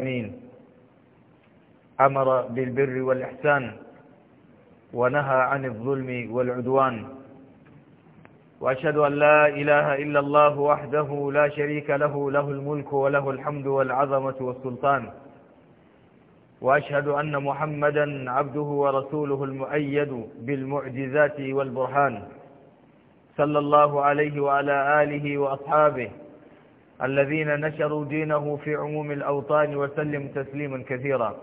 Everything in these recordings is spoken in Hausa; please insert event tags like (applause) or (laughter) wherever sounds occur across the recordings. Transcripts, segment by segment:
مين أمر بالبر والإحسان ونهى عن الظلم والعدوان وأشهد أن لا إله إلا الله وحده لا شريك له له الملك وله الحمد والعظمة والسلطان وأشهد أن محمدا عبده ورسوله المؤيد بالمعجزات والبرهان صلى الله عليه وعلى آله وأصحابه الذين نشروا دينه في عموم الأوطان وسلم تسليما كثيرا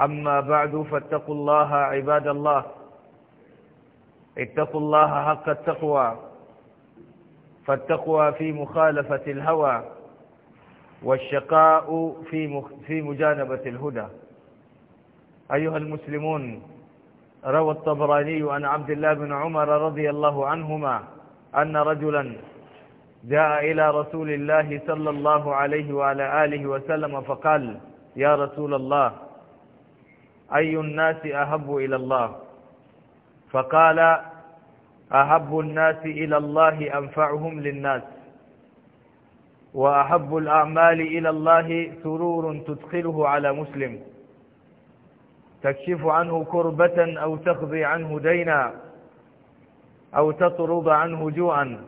أما بعد فاتقوا الله عباد الله اتقوا الله حق التقوى فالتقوى في مخالفة الهوى والشقاء في في مجانبة الهدى أيها المسلمون روى الطبراني عن عبد الله بن عمر رضي الله عنهما أن رجلا جاء إلى رسول الله صلى الله عليه وعلى آله وسلم فقال يا رسول الله أي الناس أحب إلى الله فقال أحب الناس إلى الله أنفعهم للناس وأحب الأعمال إلى الله سرور تدخله على مسلم تكشف عنه كربة أو تقضي عنه دينا أو تطرد عنه جوعا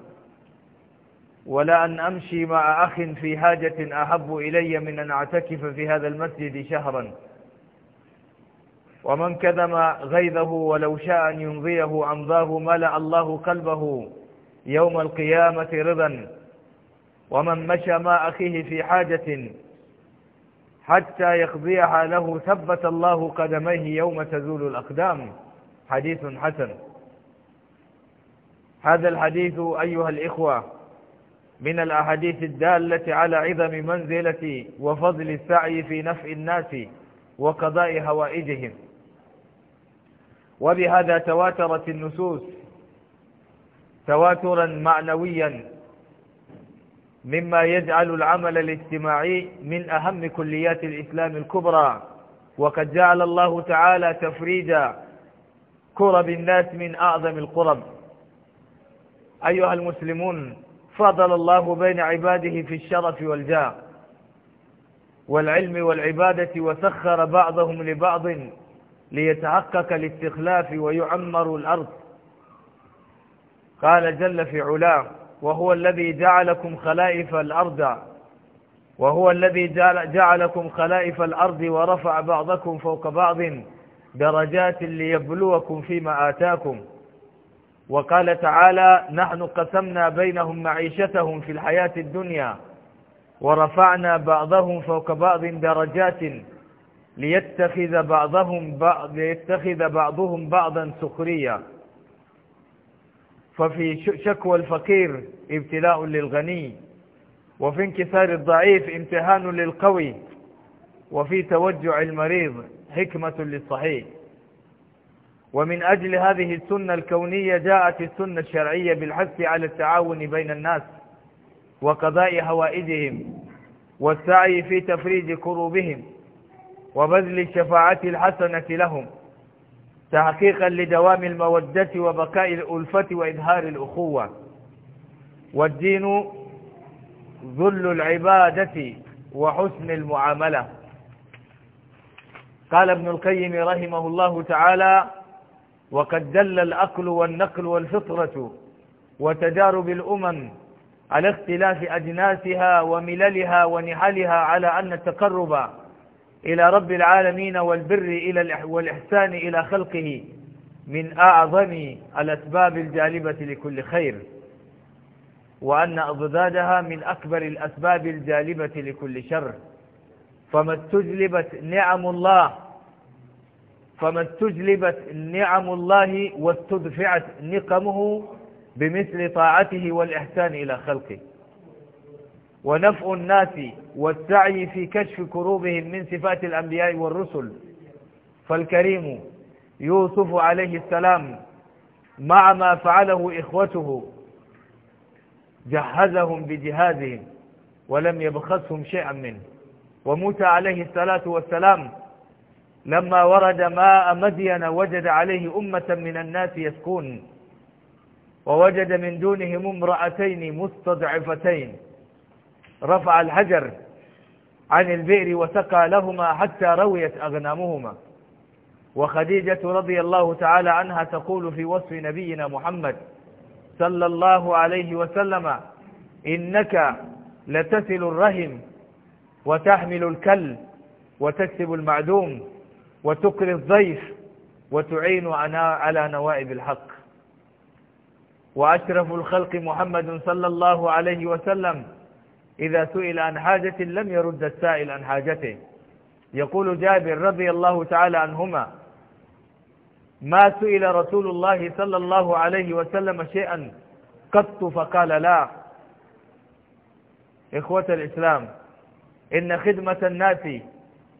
ولا أن أمشي مع أخ في حاجة أحب إلي من أن أعتكف في هذا المسجد شهرا ومن كذم غيظه ولو شاء أن يمضيه أمضاه ملأ الله قلبه يوم القيامة رضا ومن مشى مع أخيه في حاجة حتى يقضيها له ثبت الله قدميه يوم تزول الأقدام حديث حسن هذا الحديث أيها الإخوة من الأحاديث الدالة على عظم منزلة وفضل السعي في نفع الناس وقضاء هوائجهم وبهذا تواترت النصوص تواترا معنويا مما يجعل العمل الاجتماعي من أهم كليات الإسلام الكبرى وقد جعل الله تعالى تفريج كرب الناس من أعظم القرب أيها المسلمون فضل الله بين عباده في الشرف والجاه والعلم والعبادة وسخر بعضهم لبعض ليتحقق الاستخلاف ويعمر الأرض قال جل في علاه وهو الذي جعلكم خلائف الأرض وهو الذي جعل جعلكم خلائف الأرض ورفع بعضكم فوق بعض درجات ليبلوكم فيما آتاكم وقال تعالى نحن قسمنا بينهم معيشتهم في الحياة الدنيا ورفعنا بعضهم فوق بعض درجات ليتخذ بعضهم بعض ليتخذ بعضهم بعضا سخريا ففي شكوى الفقير ابتلاء للغني وفي انكسار الضعيف امتهان للقوي وفي توجع المريض حكمة للصحيح ومن أجل هذه السنة الكونية جاءت السنة الشرعية بالحث على التعاون بين الناس وقضاء هوائجهم والسعي في تفريج كروبهم وبذل الشفاعة الحسنة لهم تحقيقا لدوام المودة وبقاء الألفة وإظهار الأخوة والدين ذل العبادة وحسن المعاملة قال ابن القيم رحمه الله تعالى وقد دل الأكل والنقل والفطرة وتجارب الأمم على اختلاف أجناسها ومللها ونحلها على أن التقرب إلى رب العالمين والبر إلى والإحسان إلى خلقه من أعظم الأسباب الجالبة لكل خير وأن أضدادها من أكبر الأسباب الجالبة لكل شر فما استجلبت نعم الله فما استجلبت نعم الله واستدفعت نقمه بمثل طاعته والإحسان إلى خلقه ونفع الناس والسعي في كشف كروبهم من صفات الأنبياء والرسل فالكريم يوسف عليه السلام مع ما فعله إخوته جهزهم بجهازهم ولم يبخسهم شيئا منه وموسى عليه الصلاة والسلام لما ورد ماء مدين وجد عليه أمة من الناس يسكون ووجد من دونهم امرأتين مستضعفتين رفع الحجر عن البئر وسقى لهما حتى رويت أغنامهما وخديجة رضي الله تعالى عنها تقول في وصف نبينا محمد صلى الله عليه وسلم إنك لتسل الرحم وتحمل الكل وتكسب المعدوم وتكري الضيف وتعين على نوائب الحق وأشرف الخلق محمد صلى الله عليه وسلم إذا سئل عن حاجة لم يرد السائل عن حاجته يقول جابر رضي الله تعالى عنهما ما سئل رسول الله صلى الله عليه وسلم شيئا قط فقال لا إخوة الإسلام إن خدمة الناس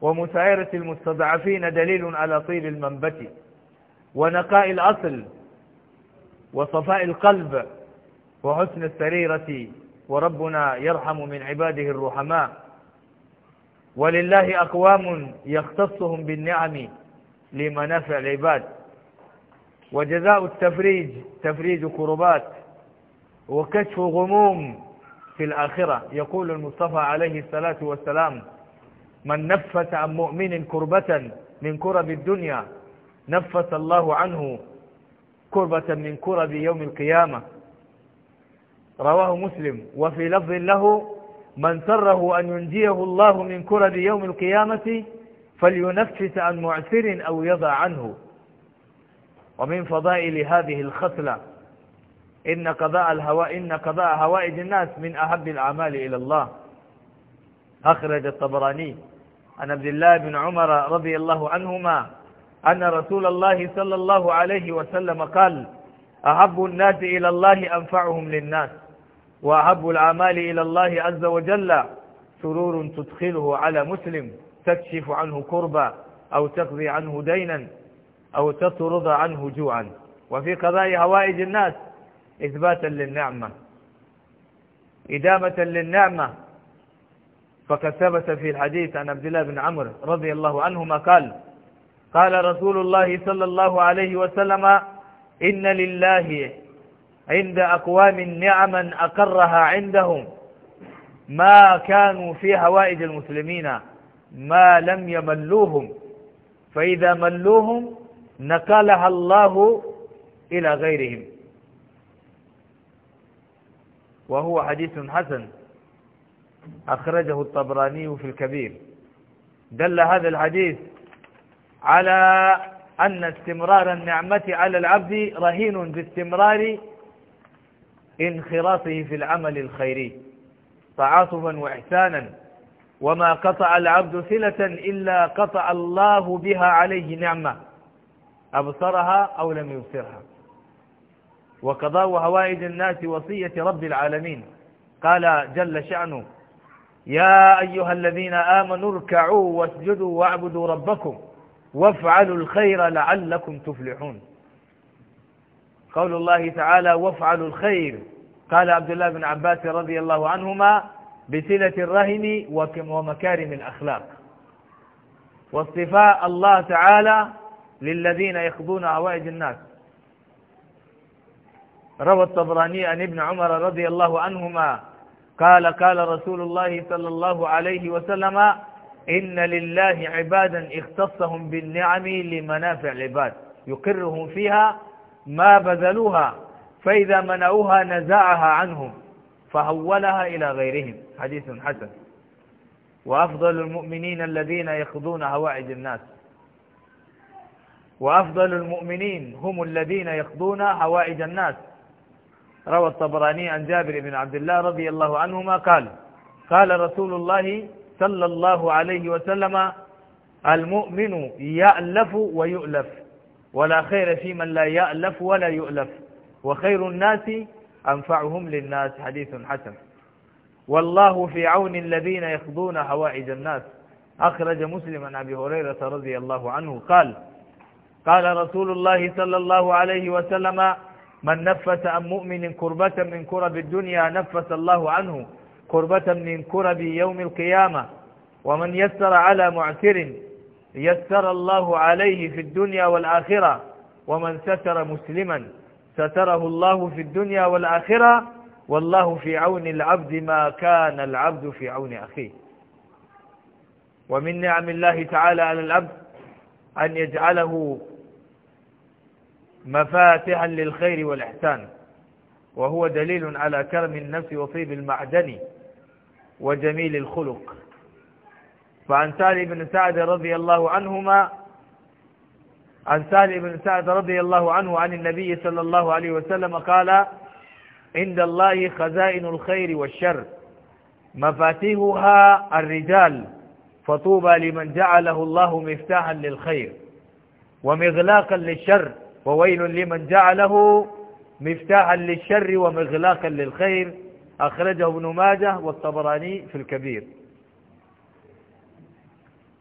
ومسايرة المستضعفين دليل على طيب المنبت ونقاء الأصل وصفاء القلب وحسن السريرة وربنا يرحم من عباده الرحماء ولله أقوام يختصهم بالنعم لمنافع العباد وجزاء التفريج تفريج كربات وكشف غموم في الآخرة يقول المصطفى عليه الصلاة والسلام من نفس عن مؤمن كربة من كرب الدنيا نفس الله عنه كربة من كرب يوم القيامة رواه مسلم وفي لفظ له من سره أن ينجيه الله من كرب يوم القيامة فلينفس عن معسر أو يضع عنه ومن فضائل هذه الخصلة إن قضاء الهواء إن قضاء هوائج الناس من أحب الأعمال إلى الله أخرج الطبراني عن عبد الله بن عمر رضي الله عنهما أن رسول الله صلى الله عليه وسلم قال أحب الناس إلى الله أنفعهم للناس وأحب الأعمال إلى الله عز وجل سرور تدخله على مسلم تكشف عنه كربا أو تقضي عنه دينا أو تطرد عنه جوعا وفي قضاء هوائج الناس إثباتا للنعمة إدامة للنعمة فقد ثبت في الحديث عن عبد الله بن عمرو رضي الله عنهما قال قال رسول الله صلى الله عليه وسلم إن لله عند أقوام نعما أقرها عندهم ما كانوا في هوائج المسلمين ما لم يملوهم فإذا ملوهم نقلها الله إلى غيرهم وهو حديث حسن أخرجه الطبراني في الكبير دل هذا الحديث على أن استمرار النعمة على العبد رهين باستمرار انخراطه في العمل الخيري تعاطفا وإحسانا وما قطع العبد صلة إلا قطع الله بها عليه نعمة أبصرها أو لم يبصرها وقضاء هوائج الناس وصية رب العالمين قال جل شأنه يا أيها الذين آمنوا اركعوا واسجدوا واعبدوا ربكم وافعلوا الخير لعلكم تفلحون قول الله تعالى وافعلوا الخير قال عبد الله بن عباس رضي الله عنهما بصلة الرحم ومكارم الأخلاق واصطفاء الله تعالى للذين يخضون عوائد الناس روى الطبراني عن ابن عمر رضي الله عنهما قال قال رسول الله صلى الله عليه وسلم إن لله عبادا اختصهم بالنعم لمنافع العباد يقرهم فيها ما بذلوها فإذا منعوها نزعها عنهم فهولها إلى غيرهم حديث حسن وأفضل المؤمنين الذين يخضون هوائج الناس وأفضل المؤمنين هم الذين يخضون هوائج الناس روى الطبراني عن جابر بن عبد الله رضي الله عنهما قال قال رسول الله صلى الله عليه وسلم المؤمن يألف ويؤلف ولا خير في من لا يألف ولا يؤلف وخير الناس أنفعهم للناس حديث حسن والله في عون الذين يخضون حوائج الناس أخرج مسلم عن أبي هريرة رضي الله عنه قال قال رسول الله صلى الله عليه وسلم من نفس عن مؤمن كربة من كرب الدنيا نفس الله عنه كربة من كرب يوم القيامة ومن يسر على معسر يسر الله عليه في الدنيا والآخرة ومن ستر مسلما ستره الله في الدنيا والآخرة والله في عون العبد ما كان العبد في عون أخيه ومن نعم الله تعالى على العبد أن يجعله مفاتحا للخير والإحسان وهو دليل على كرم النفس وطيب المعدن وجميل الخلق فعن سالم بن سعد رضي الله عنهما عن سالم بن سعد رضي الله عنه عن النبي صلى الله عليه وسلم قال عند الله خزائن الخير والشر مفاتيحها الرجال فطوبى لمن جعله الله مفتاحا للخير ومغلاقا للشر وويل لمن جعله مفتاحا للشر ومغلاقا للخير أخرجه ابن ماجه والطبراني في الكبير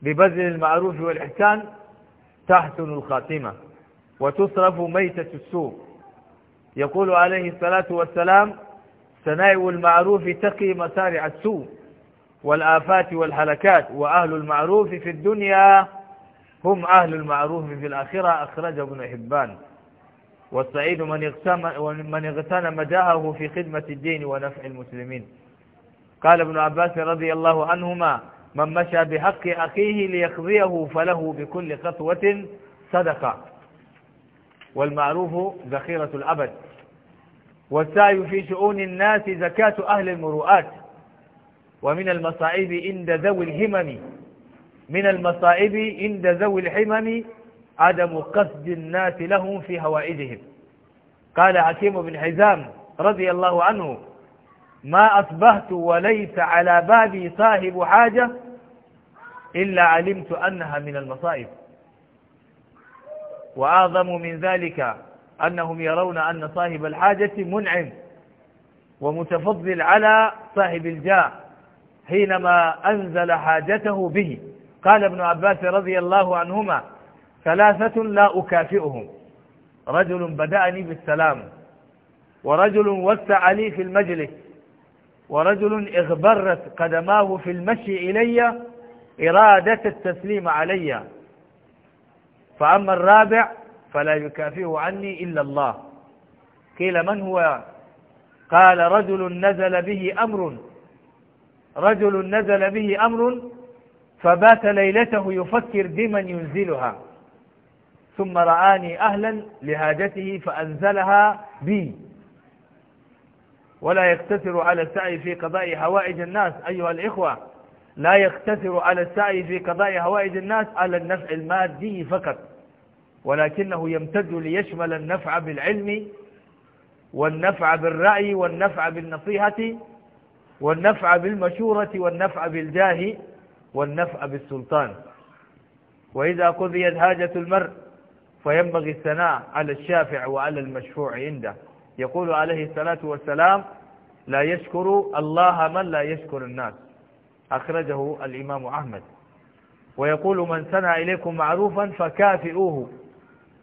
ببذل المعروف والإحسان تحسن الخاتمة وتصرف ميتة السوء يقول عليه الصلاة والسلام صنائع المعروف تقي مسارع السوء والآفات والحلكات وأهل المعروف في الدنيا هم أهل المعروف في الآخرة أخرجه ابن حبان والسعيد من من اغتنم جاهه في خدمة الدين ونفع المسلمين قال ابن عباس رضي الله عنهما من مشى بحق أخيه ليخزيه فله بكل خطوة صدقة والمعروف ذخيرة الأبد والسعي في شؤون الناس زكاة أهل المروءات ومن المصائب عند ذوي الهمم من المصائب عند ذوي الحمم عدم قصد الناس لهم في هوائجهم قال حكيم بن حزام رضي الله عنه ما أصبحت وليس على بابي صاحب حاجة إلا علمت أنها من المصائب وأعظم من ذلك أنهم يرون أن صاحب الحاجة منعم ومتفضل على صاحب الجاه حينما أنزل حاجته به قال ابن عباس رضي الله عنهما ثلاثة لا أكافئهم رجل بدأني بالسلام ورجل وسع لي في المجلس ورجل اغبرت قدماه في المشي إلي إرادة التسليم علي فأما الرابع فلا يكافئه عني إلا الله قيل من هو قال رجل نزل به أمر رجل نزل به أمر فبات ليلته يفكر بمن ينزلها ثم رآني أهلا لهاجته فأنزلها بي ولا يقتصر على السعي في قضاء حوائج الناس أيها الإخوة لا يقتصر على السعي في قضاء حوائج الناس على النفع المادي فقط ولكنه يمتد ليشمل النفع بالعلم والنفع بالرأي والنفع بالنصيحة والنفع بالمشورة والنفع بالجاه والنفع بالسلطان وإذا قضيت حاجة المرء فينبغي الثناء على الشافع وعلى المشفوع عنده يقول عليه الصلاة والسلام لا يشكر الله من لا يشكر الناس أخرجه الإمام أحمد ويقول من سنى إليكم معروفا فكافئوه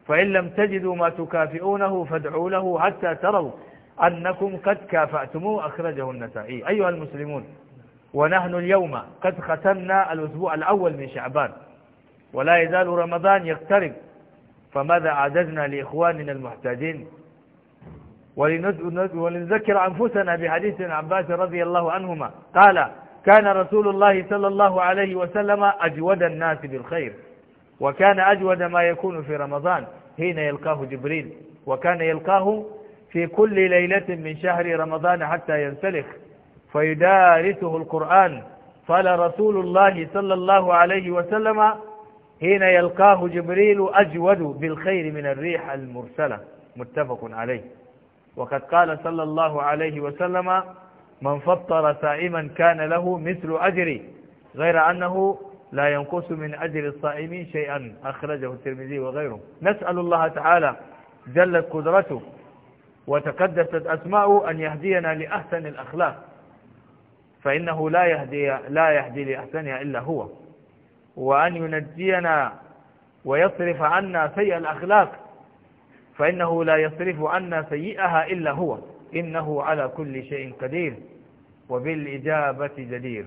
فإن لم تجدوا ما تكافئونه فادعوا له حتى تروا أنكم قد كافأتموه أخرجه النسائي أيها المسلمون ونحن اليوم قد ختمنا الأسبوع الأول من شعبان ولا يزال رمضان يقترب فماذا عددنا لإخواننا المحتاجين ولنذكر أنفسنا بحديث عباس رضي الله عنهما قال كان رسول الله صلى الله عليه وسلم أجود الناس بالخير وكان أجود ما يكون في رمضان حين يلقاه جبريل وكان يلقاه في كل ليلة من شهر رمضان حتى ينسلخ فيدارسه القرآن قال رسول الله صلى الله عليه وسلم حين يلقاه جبريل أجود بالخير من الريح المرسلة متفق عليه وقد قال صلى الله عليه وسلم من فطر سائما كان له مثل أجري غير أنه لا ينقص من أجر الصائمين شيئا أخرجه الترمذي وغيره نسأل الله تعالى جلت قدرته وتقدست أسماؤه أن يهدينا لأحسن الأخلاق فإنه لا يهدي, لا يهدي لأحسنها إلا هو وأن ينجينا ويصرف عنا سيء الأخلاق فإنه لا يصرف عنا سيئها إلا هو إنه على كل شيء قدير وبالإجابة جدير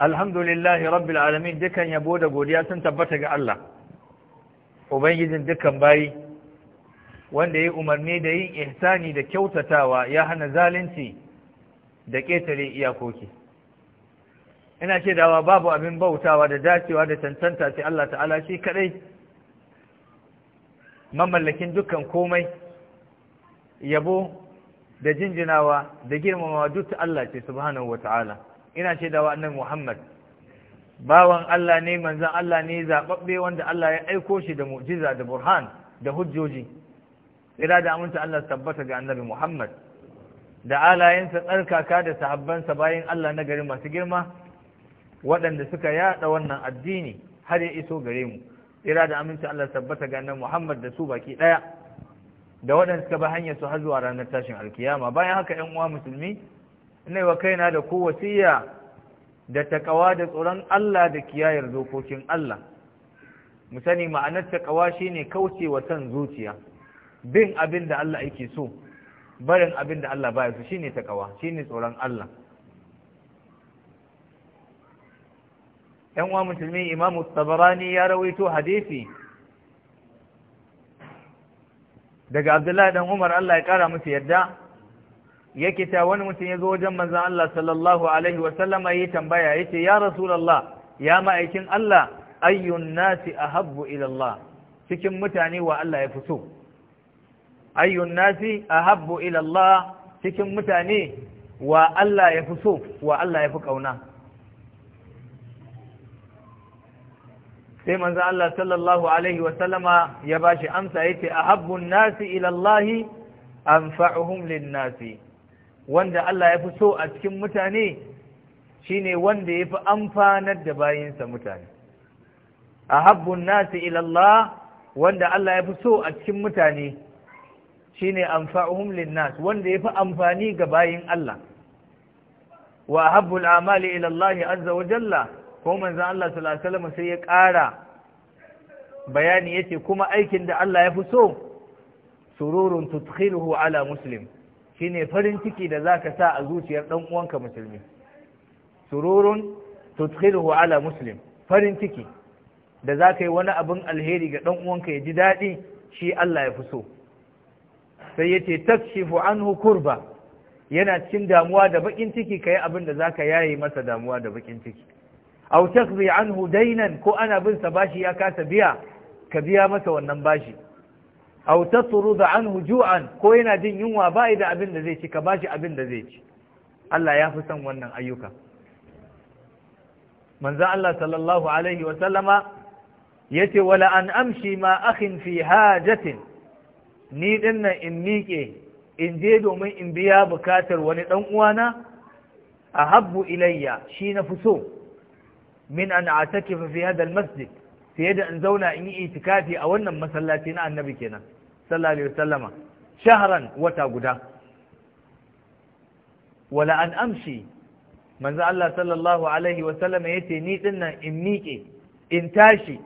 alhamdulillahi rabbil alamin dukan yabo da godiya sun tabbata ga Allah ubangijin dukan bayi wanda ya umarni da yin ihsani da kyautatawa ya hana zalunci da ƙetare iyakoki ina ce dawa babu abin bautawa da dacewa da tantanta sai Allah ta'ala shi kadai mamallakin dukkan komai yabo da jinjinawa da girmamawa duk Allah ce subhanahu wata'ala ina ce da wannan Muhammad bawan Allah ne manzan Allah ne zaɓaɓɓe wanda Allah ya aiko shi da mu'jiza da burhan da hujjoji ira da aminta Allah tabbata ga annabi Muhammad da alayensa tsarkaka da sahabbansa bayan Allah na gari masu girma waɗanda suka yaɗa wannan addini har ya iso gare mu ira da aminta Allah tabbata ga annabi Muhammad da su baki ɗaya da waɗanda suka bi hanyar su har zuwa ranar tashin alkiyama bayan haka ƴan uwa musulmi ne wa kaina da ku wasiya da takawa da tsoron Allah da kiyayar dokokin Allah mu sani ma'anar takawa shine kauce wa san zuciya bin abin da Allah yake so barin abin da Allah baya so shine takawa shine tsoron Allah yan uwa musulmi Imam Tabarani ya rawaito hadisi daga Abdullahi dan Umar Allah ya kara musu yadda yake ta wani mutum ya zo wajen manzan Allah sallallahu alaihi wasallama ya tambaya ya ce ya rasulallah ya ma'aikin Allah ayyun nasi a ila ilallah cikin mutane wa Allah ya fi so ayyun nasi a ila ilallah cikin mutane wa Allah ya fi so wa Allah ya fi kauna sai manzan Allah sallallahu alaihi wasallama ya bashi amsa ya ce a ahabbun nasi ila an anfa'uhum lin nasi wanda Allah ya fi so a cikin mutane shine wanda ya fi amfanar da bayinsa mutane a habbun nasi ilallah wanda Allah ya fi so a cikin mutane shine amfa'uhum linnas wanda ya fi amfani ga bayin Allah wa habbul amali ilallah azza wa jalla ko manzon Allah sallallahu sai ya ƙara bayani yace kuma aikin da Allah ya fi so sururun tudkhiluhu ala muslim ne farin ciki da za ka sa a zuciyar ɗan'uwanka uwanka musulmi sururun wa ala muslim farin ciki da za ka yi wani abin alheri ga ɗan'uwanka uwanka ya ji daɗi shi Allah ya fi so sai ya yace takshifu anhu kurba yana cikin damuwa da baƙin ciki ka yi abin da za ka yaye masa damuwa da bakin ciki aw takzi anhu dainan ko ana bin sa bashi ya kasa biya ka biya masa wannan bashi aw tasrudu anhu ju'an ko yana jin yunwa ba da abin da zai ci ka bashi abin da zai ci Allah ya fi son wannan ayyuka manzo Allah sallallahu alaihi wa sallama yace wala an amshi ma akhin fi hajatin ni dinnan in miƙe in je domin in biya bukatar wani dan uwana ahabbu ilayya shi na fi so min an atakifa fi hadha masjid fiye da in zauna in yi itikafi a wannan masallaci na annabi kenan sallallahu alaihi wasallama shahran wata guda wala an amshi manzo Allah sallallahu alaihi wasallama yace ni dinnan in miƙe in tashi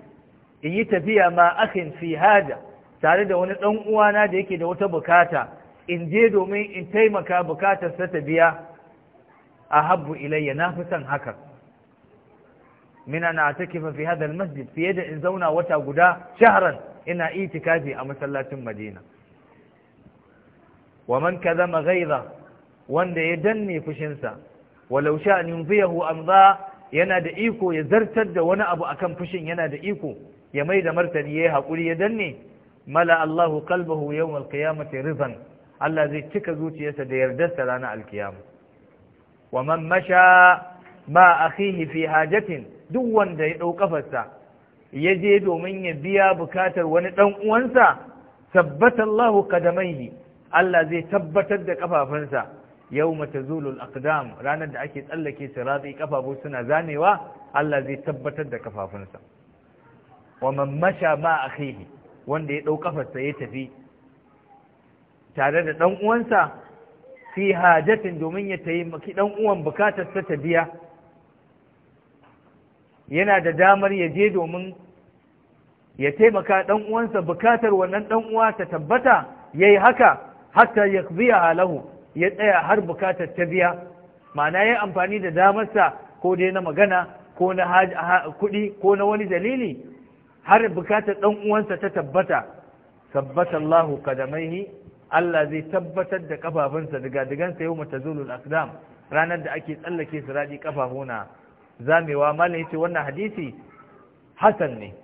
in yi tafiya ma akhin fi hada tare da wani dan uwana da yake da wata bukata in je domin in taimaka bukatar sa ta biya ahabbu ilayya na fi son haka min an atakifa fi hada almasjid fiye da in zauna wata guda shahran ina itikafi a masallacin madina wa man kadhama wanda ya danne fushinsa walau sha an yunfiyahu amza yana da iko ya zartar da wani abu akan fushin yana da iko ya mai da martani yayi hakuri ya danne mala Allahu qalbahu yawm al-qiyamati Allah zai cika zuciyarsa da yardarsa ranar alkiyama wa man masha ma akhihi fi hajatin duk wanda ya dau kafarsa ya je domin ya biya bukatar wani ɗan uwansa tabbatar tabbatallahu kadamai Allah zai tabbatar da kafafunsa mata zulul aqdam ranar da ake tsallake sirati kafafu suna zanewa Allah zai tabbatar da kafafunsa wa man masha ma akhihi wanda ya ɗau kafarsa ya tafi tare da ɗan uwansa fi hajatin domin ya taimaki ɗan uwan bukatar ta biya yana da damar ya je domin ya taimaka ɗan uwansa bukatar wannan dan uwa ta tabbata yayi haka hatta ya fi halahu. ya tsaya har bukatar ta biya ma'ana yayi amfani da damarsa ko dai na magana ko na kuɗi ko na wani dalili har bukatar ɗan uwansa ta tabbata tabbata Allahu kadamaihi Allah zai tabbatar da kafafunsa daga digansa yau matazulul aqdam ranar da ake tsallake su radi kafafuna zamewa malam yace wannan hadisi hasan ne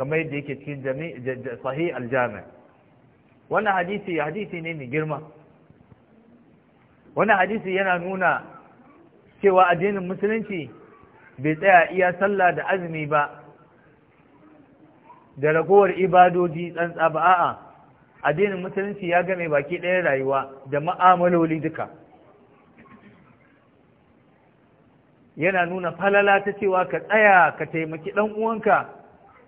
kamar yadda yake cikin sahih aljami wannan hadisi hadisi ne mai girma wannan hadisi yana nuna cewa addinin musulunci bai tsaya iya sallah da azumi ba da ragowar ibadoji tsantsa ba a'a addinin musulunci ya game baki ɗaya rayuwa da ma'amaloli duka yana nuna falala ta cewa ka tsaya ka taimaki ɗan uwanka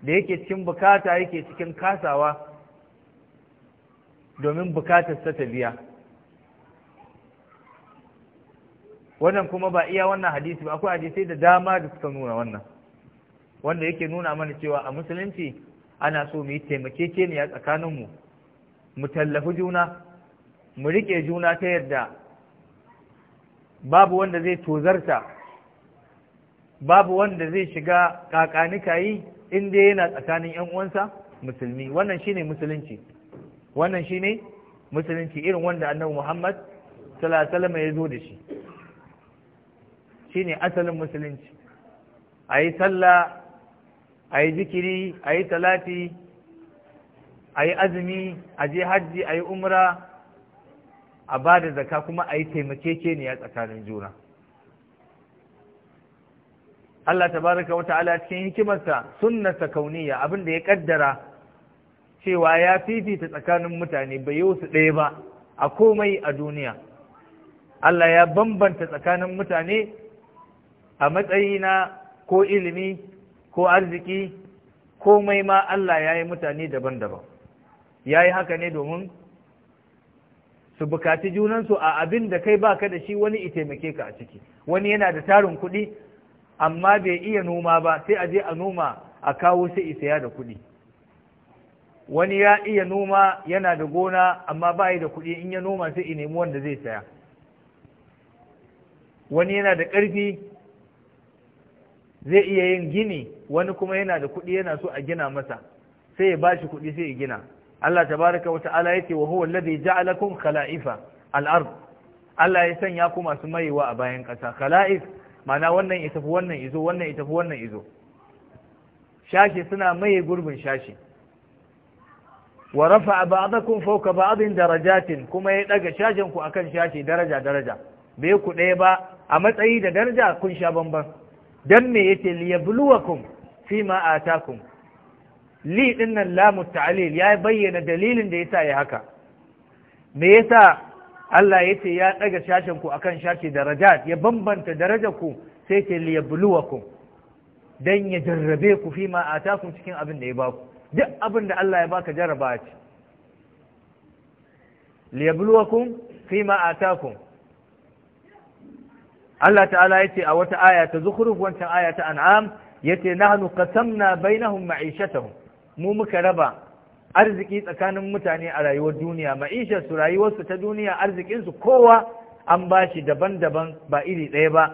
da yake cikin bukata yake cikin kasawa domin bukatarsa ta biya wannan kuma ba iya wannan hadisi ba akwai hadisai da dama da suka nuna wannan wanda yake nuna mana cewa a musulunci ana so mu yi taimakekeniya tsakaninmu mu tallafi juna mu riƙe juna ta yadda babu wanda zai tozarta babu wanda zai shiga kakanikayi in dai yana tsakanin yan uwansa musulmi wannan shine musulunci wannan shine musulunci irin wanda annabi Muhammad sallallahu ya zo da shi shine asalin musulunci ayi sallah ayi zikiri ayi talati ayi azumi a je hajji ayi umra a ba da zaka kuma ayi taimakekeniya tsakanin juna Allah ta tabaraka wata ala cikin hikimarsa sunnata kauniya abin da ya kaddara cewa ya fifita tsakanin mutane bai yi su ɗaya ba a komai a duniya Allah ya bambanta tsakanin mutane a matsayina ko ilimi ko arziki komai ma Allah ya yi mutane daban-daban ya yi haka ne domin su bukaci junansu a abin da kai baka da shi wani i taimake ka a ciki wani yana da tarin kuɗi amma bai iya noma ba sai a je a noma a kawo sai isaya da kuɗi wani ya iya noma yana da gona amma ba da kuɗi in ya noma sai i nemi wanda zai saya wani yana da ƙarfi zai iya yin gini wani kuma yana da kuɗi yana so a gina masa sai ya bashi kuɗi sai ya gina Allah Ta tabaraka wa ta'ala yace wa huwa alladhi ja'alakum khala'ifa al-ard Allah ya sanya ku masu mayewa a bayan ƙasa khala'if mana wannan ya tafi wannan izo wannan ya tafi wannan izo shashi suna maye gurbin shashi wa rafa ba'dakum fawqa ba'din darajatin kuma ya daga shashin ku akan shashi daraja daraja bai ku ɗaya ba a matsayi da daraja kun sha bamban dan me yake liyabluwakum fi ma atakum li dinnan lamu ta'lil ya bayyana dalilin da yasa ya haka me yasa Allah ya ce ya ɗaga shashen ku akan shashi darajat ya bambanta darajarku ku sai ke ku. dan ya jarrabe ku fi ma kun cikin abin da ya baku duk abin da Allah ya baka jarraba ce liyabluwakum fi ma kun. Allah ta'ala ya ce a wata aya ta ya wancan aya ta an'am samna bai na bainahum ma'ishatahum mu muka raba arziki tsakanin mutane a rayuwar duniya ma'ishar su rayuwarsu ta duniya arzikinsu kowa an ba shi daban-daban ba iri ɗaya ba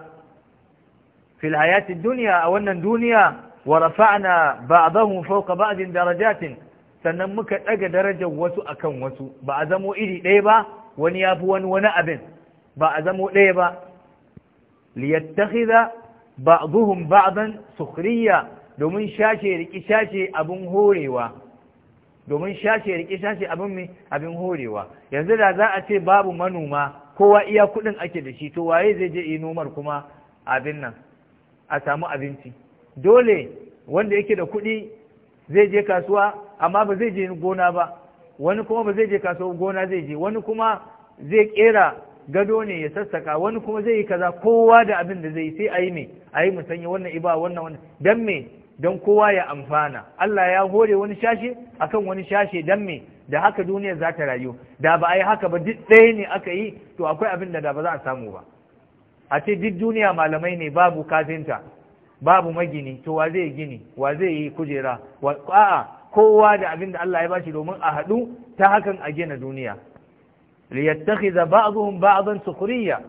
fil hayati duniya a wannan duniya wa rafa'na ba'dahum fawqa ba'din darajatin sannan muka ɗaga darajar wasu akan wasu ba a zamo iri ɗaya ba wani yafi wani wani abin ba a zamo ɗaya ba liyattakhidha ba'dhum ba'dan sukhriya domin shashe riki shashe abun horewa domin shashe rike shashe abin mai abin horewa yanzu da za a ce babu manoma kowa iya kuɗin ake da shi to waye zai je yi nomar kuma abin nan a samu abinci dole wanda yake da kuɗi zai je kasuwa amma ba zai je gona ba wani kuma ba zai je kasuwa gona zai je wani kuma zai kera gado ne ya sassaka wani kuma zai yi kaza kowa da abin da zai sai a yi mai a yi musanya wannan iba wannan wannan don me don kowa ya amfana Allah ya hore wani shashe akan wani shashe don me da haka duniya za ta rayu da ba a yi haka ba duk ɗaya ne aka yi to akwai abin da ba za a samu ba a ce duk duniya malamai ne babu kafinta babu magini to wa zai gini wa zai yi kujera a'a kowa da abin da Allah ya bashi domin a haɗu ta hakan a gina duniya liyattakhidha ba'dhum ba'dan sukhriya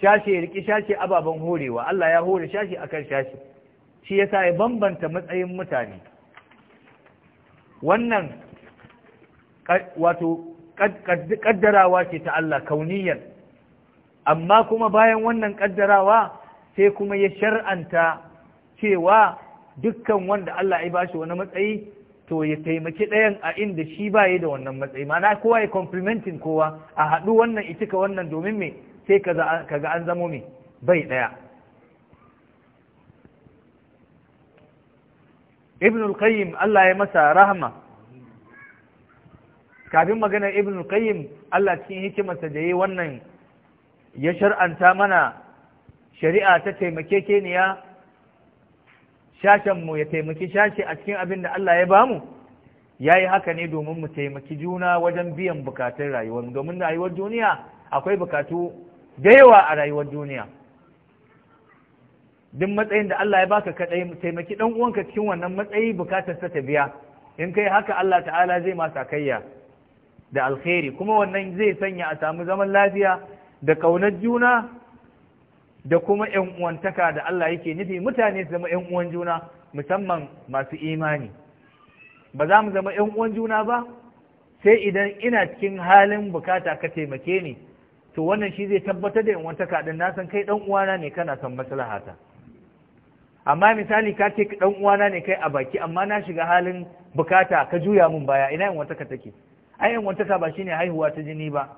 shashe riki shashe ababan horewa Allah ya hore shashe akan shashe shi yasa ya bambanta matsayin mutane wannan wato kaddarawa ce ta Allah kauniyar amma kuma bayan wannan ƙaddarawa sai kuma ya shar'anta cewa dukkan wanda Allah ya bashi wani matsayi to ya taimaki ɗayan a inda shi ba da wannan matsayi mana kowa ya complimentin kowa a haɗu wannan ita ka wannan domin me sai kaga an zamo me bai ɗaya ibn qayyim Allah ya masa rahma kafin magana ibn qayyim Allah cikin hikimarsa da yi wannan ya shar'anta mana shari'a ta taimake keniya shashenmu ya taimaki shashe a cikin abin da Allah ya bamu ya yi haka ne domin mu taimaki juna wajen biyan bukatun rayuwar domin rayuwar duniya akwai bukatu da yawa a rayuwar duniya duk matsayin da Allah ya baka ka taimaki dan uwanka cikin wannan matsayi bukatar sa ta biya in kai haka Allah ta'ala zai masa kayya da alkhairi kuma wannan zai sanya a samu zaman lafiya da kaunar juna da kuma ƴan uwantaka da Allah yake nufi mutane su zama ƴan uwan juna musamman masu imani ba za mu zama ƴan uwan juna ba sai idan ina cikin halin bukata ka taimake ni to wannan shi zai tabbatar da ƴan uwantaka din na san kai ɗan uwana ne kana son maslahata amma misali ka ce dan uwana ne kai a baki amma na shiga halin bukata ka juya mun baya ina yin ka take ai yin ka ba shine haihuwa ta jini ba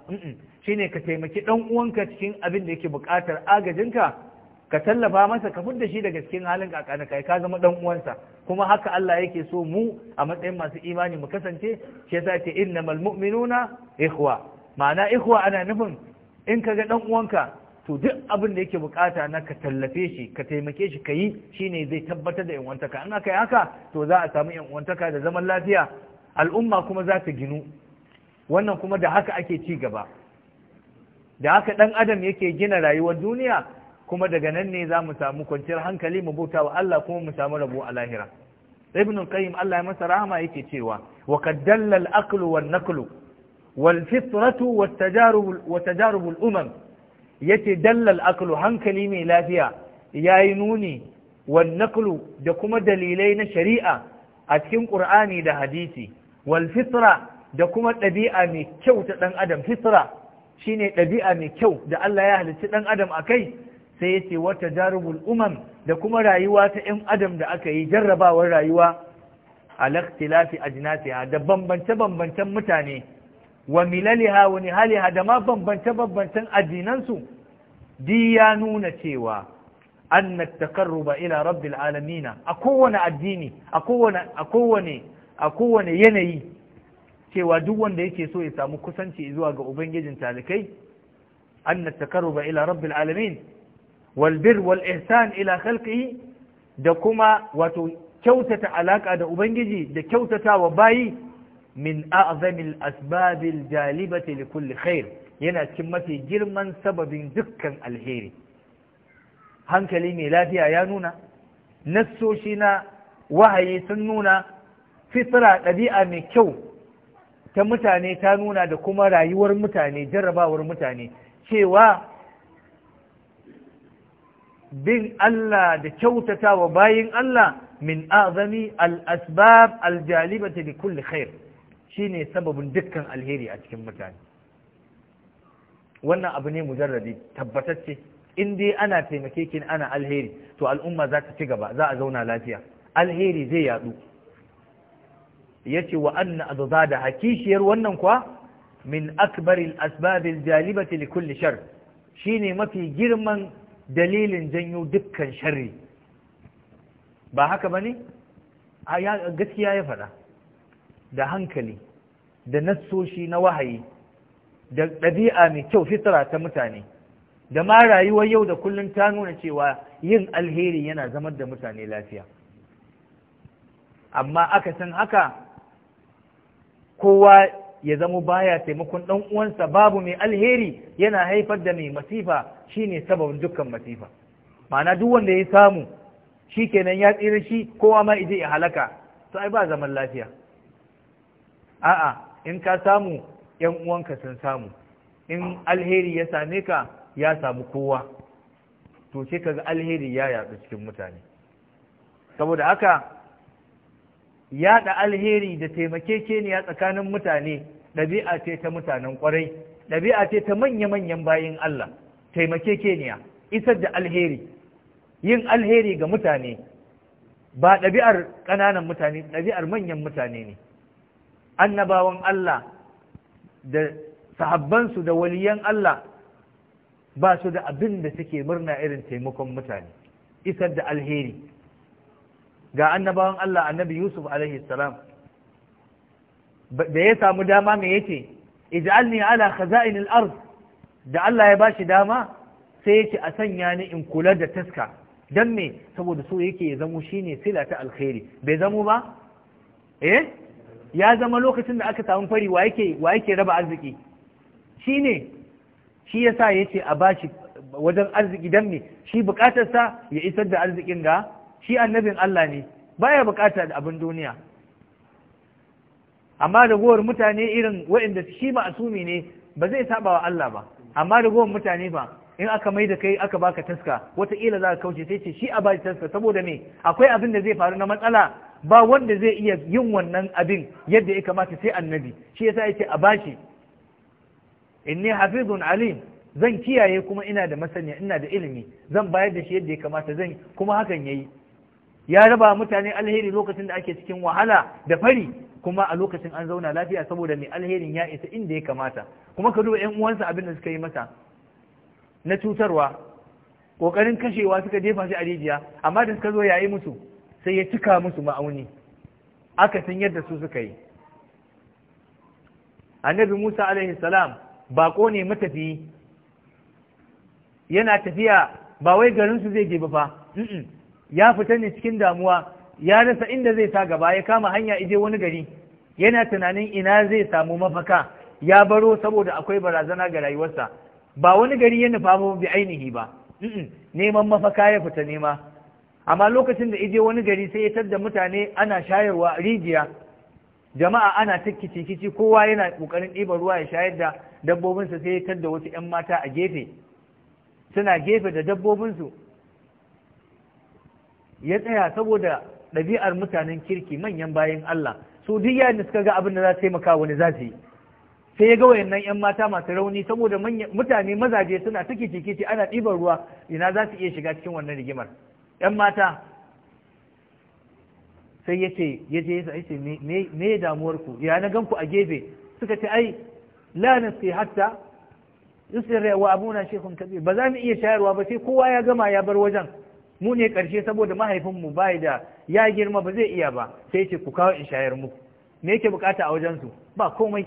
shine ka taimaki dan uwanka cikin abin da yake bukatar agajinka ka tallafa masa ka fudda shi daga cikin halin kakana kai ka zama dan uwansa kuma haka Allah yake so mu a matsayin masu imani mu kasance shi yasa ce innamal mu'minuna ikhwa ma'ana ikhwa ana nufin in kaga dan uwanka to duk abin da yake bukata na ka tallafe shi ka taimake shi ka yi shine zai tabbatar da yanwantaka in aka yi haka to za a samu yanwantaka da zaman lafiya al'umma kuma za ta ginu wannan kuma da haka ake ci gaba da haka dan adam yake gina rayuwar duniya kuma daga nan ne za mu samu kwanciyar hankali mu bauta wa Allah kuma mu samu rabo a lahira ibn al-qayyim Allah ya masa rahama yake cewa wa qad dalla al-aqlu wan naqlu wal fitratu wat tajarub wat tajarub al-umam yace dallal aklu hankali mai lafiya ya yi nuni wan naqlu da kuma dalilai na shari'a a cikin ƙur'ani da hadisi wal fitra da kuma ɗabi'a mai kyau ta ɗan adam fitra shine ɗabi'a mai kyau da Allah ya halicci ɗan adam a kai sai ya ce wata jarubul umam da kuma rayuwa ta 'yan adam da aka yi jarrabawar rayuwa a laktilafi a jinasiya da bambance-bambancen mutane wa milaliha wa nihaliha da ma bambance-bambancen addinansu di ya nuna cewa an takarruba ila rabbil alamina a kowane addini a kowane a yanayi cewa duk wanda yake so ya samu kusanci zuwa ga ubangijin talikai an takarruba ila rabbil alamin wal bir wal ihsan ila khalqihi da kuma wato kyautata alaka da ubangiji da kyautata wa bayi min a'zamil asbabil jalibati li kulli khair yana cikin mafi girman sababin dukkan alheri hankali mai lafiya ya nuna nassoshi na wahayi sun nuna fitra ɗabi'a mai kyau ta mutane ta nuna da kuma rayuwar mutane jarrabawar mutane cewa bin Allah da kyautata wa bayin Allah min azami al-asbab al-jalibati li kulli khair shine sababin dukkan alheri a cikin mutane wannan abu ne mujarradi tabbatacce in dai ana taimake taimakekin ana alheri to al'umma za ta ci gaba za a zauna lafiya alheri zai yadu ya ce wa anna azaza da hakishiyar wannan kuwa? min akbaril asbabil jalibati li kulli shar shine mafi girman dalilin janyo dukkan sharri ba haka bane gaskiya ya faɗa da hankali da nassoshi na wahayi da ɗabi'a mai kyau fitra ta mutane da ma rayuwar yau da kullum ta nuna cewa yin alheri yana zamar da mutane lafiya amma aka san haka kowa ya zama baya taimakon ɗan uwansa babu mai alheri yana haifar da mai masifa shine sababin dukkan masifa ma'ana duk wanda ya samu shi kenan ya tsira shi kowa ma ije ya halaka sai ba zaman lafiya a'a in ka samu yan uwanka sun samu in alheri ya same ka ya samu kowa to sai ga alheri ya yaɗu cikin mutane saboda haka yaɗa alheri da taimakekeniya tsakanin mutane ɗabi'a ce ta mutanen ƙwarai ɗabi'a ce ta manya-manyan bayin Allah taimakekeniya isar da alheri yin alheri ga mutane ba ɗabi'ar ƙananan mutane ɗabi'ar manyan mutane ne annabawan Allah da sahabbansu da waliyan Allah ba su da abin da suke murna irin taimakon mutane isar da alheri ga annabawan Allah annabi Yusuf alaihi salam da ya samu dama mai yace ij'alni ala khaza'in al-ard da Allah ya bashi dama sai yake a sanya ni in kula da taska dan me saboda so yake ya zamo shine sila ta alheri bai zamo ba eh ya zama lokacin da aka samu fari wa yake raba arziki Shi ne, shi ya sa ya ce a bashi wajen arziki dan me shi bukatarsa ya isar da arzikin ga shi annabin Allah ne ba ya bukatar abin duniya amma ragowar mutane irin waɗanda shi ma'asumi ne ba zai saba wa Allah ba amma ragowar mutane ba in aka mai da kai aka baka taska wataƙila za ka kauce sai ce shi a shi taska saboda me akwai abin da zai faru na matsala ba wanda zai iya yin wannan abin yadda ya kamata sai annabi shi yasa yake a bashi inni hafizun alim zan kiyaye kuma ina da masaniya ina da ilimi zan bayar da shi yadda ya kamata zan kuma hakan yayi ya raba mutane alheri lokacin da ake cikin wahala da fari kuma a lokacin an zauna lafiya saboda mai alherin ya isa inda ya kamata kuma ka duba yan uwansa abin da suka yi masa na cutarwa kokarin kashewa suka jefa shi a rijiya amma da suka zo yayi mutu. sai ya cika musu ma'auni aka san yadda su suka yi annabi Musa alaihi salam bako ne matafi yana tafiya ba wai garinsu zai je ba fa ya fita ne cikin damuwa ya rasa inda zai sa gaba ya kama hanya ije wani gari yana tunanin ina zai samu mafaka ya baro saboda akwai barazana ga rayuwarsa ba wani gari ya nufa ba bi ainihi ba neman mafaka ya fita nema amma lokacin da ije wani gari sai ya da mutane ana shayarwa rijiya jama'a ana ta kici kowa yana kokarin ɗiban ruwa ya shayar da dabbobinsa sai ya da wasu 'yan mata a gefe suna gefe da dabbobinsu ya tsaya saboda ɗabi'ar mutanen kirki manyan bayan Allah su duk yayin da suka ga abin da za su taimaka wani za su yi sai ya ga wayannan 'yan mata masu rauni saboda mutane mazaje suna ta kici ana ɗiban ruwa ina za su iya shiga cikin wannan rigimar 'yan mata sai ya ce ya je ya ce me damuwar ku ya na ganku a gefe suka ce ai la sai hatta yusir wa abuna shekun kabi ba za mu iya shayarwa ba sai kowa ya gama ya bar wajen mu ne karshe saboda mahaifinmu bai da ya girma ba zai iya ba sai ce ku kawo in shayar mu me yake bukata a wajensu ba komai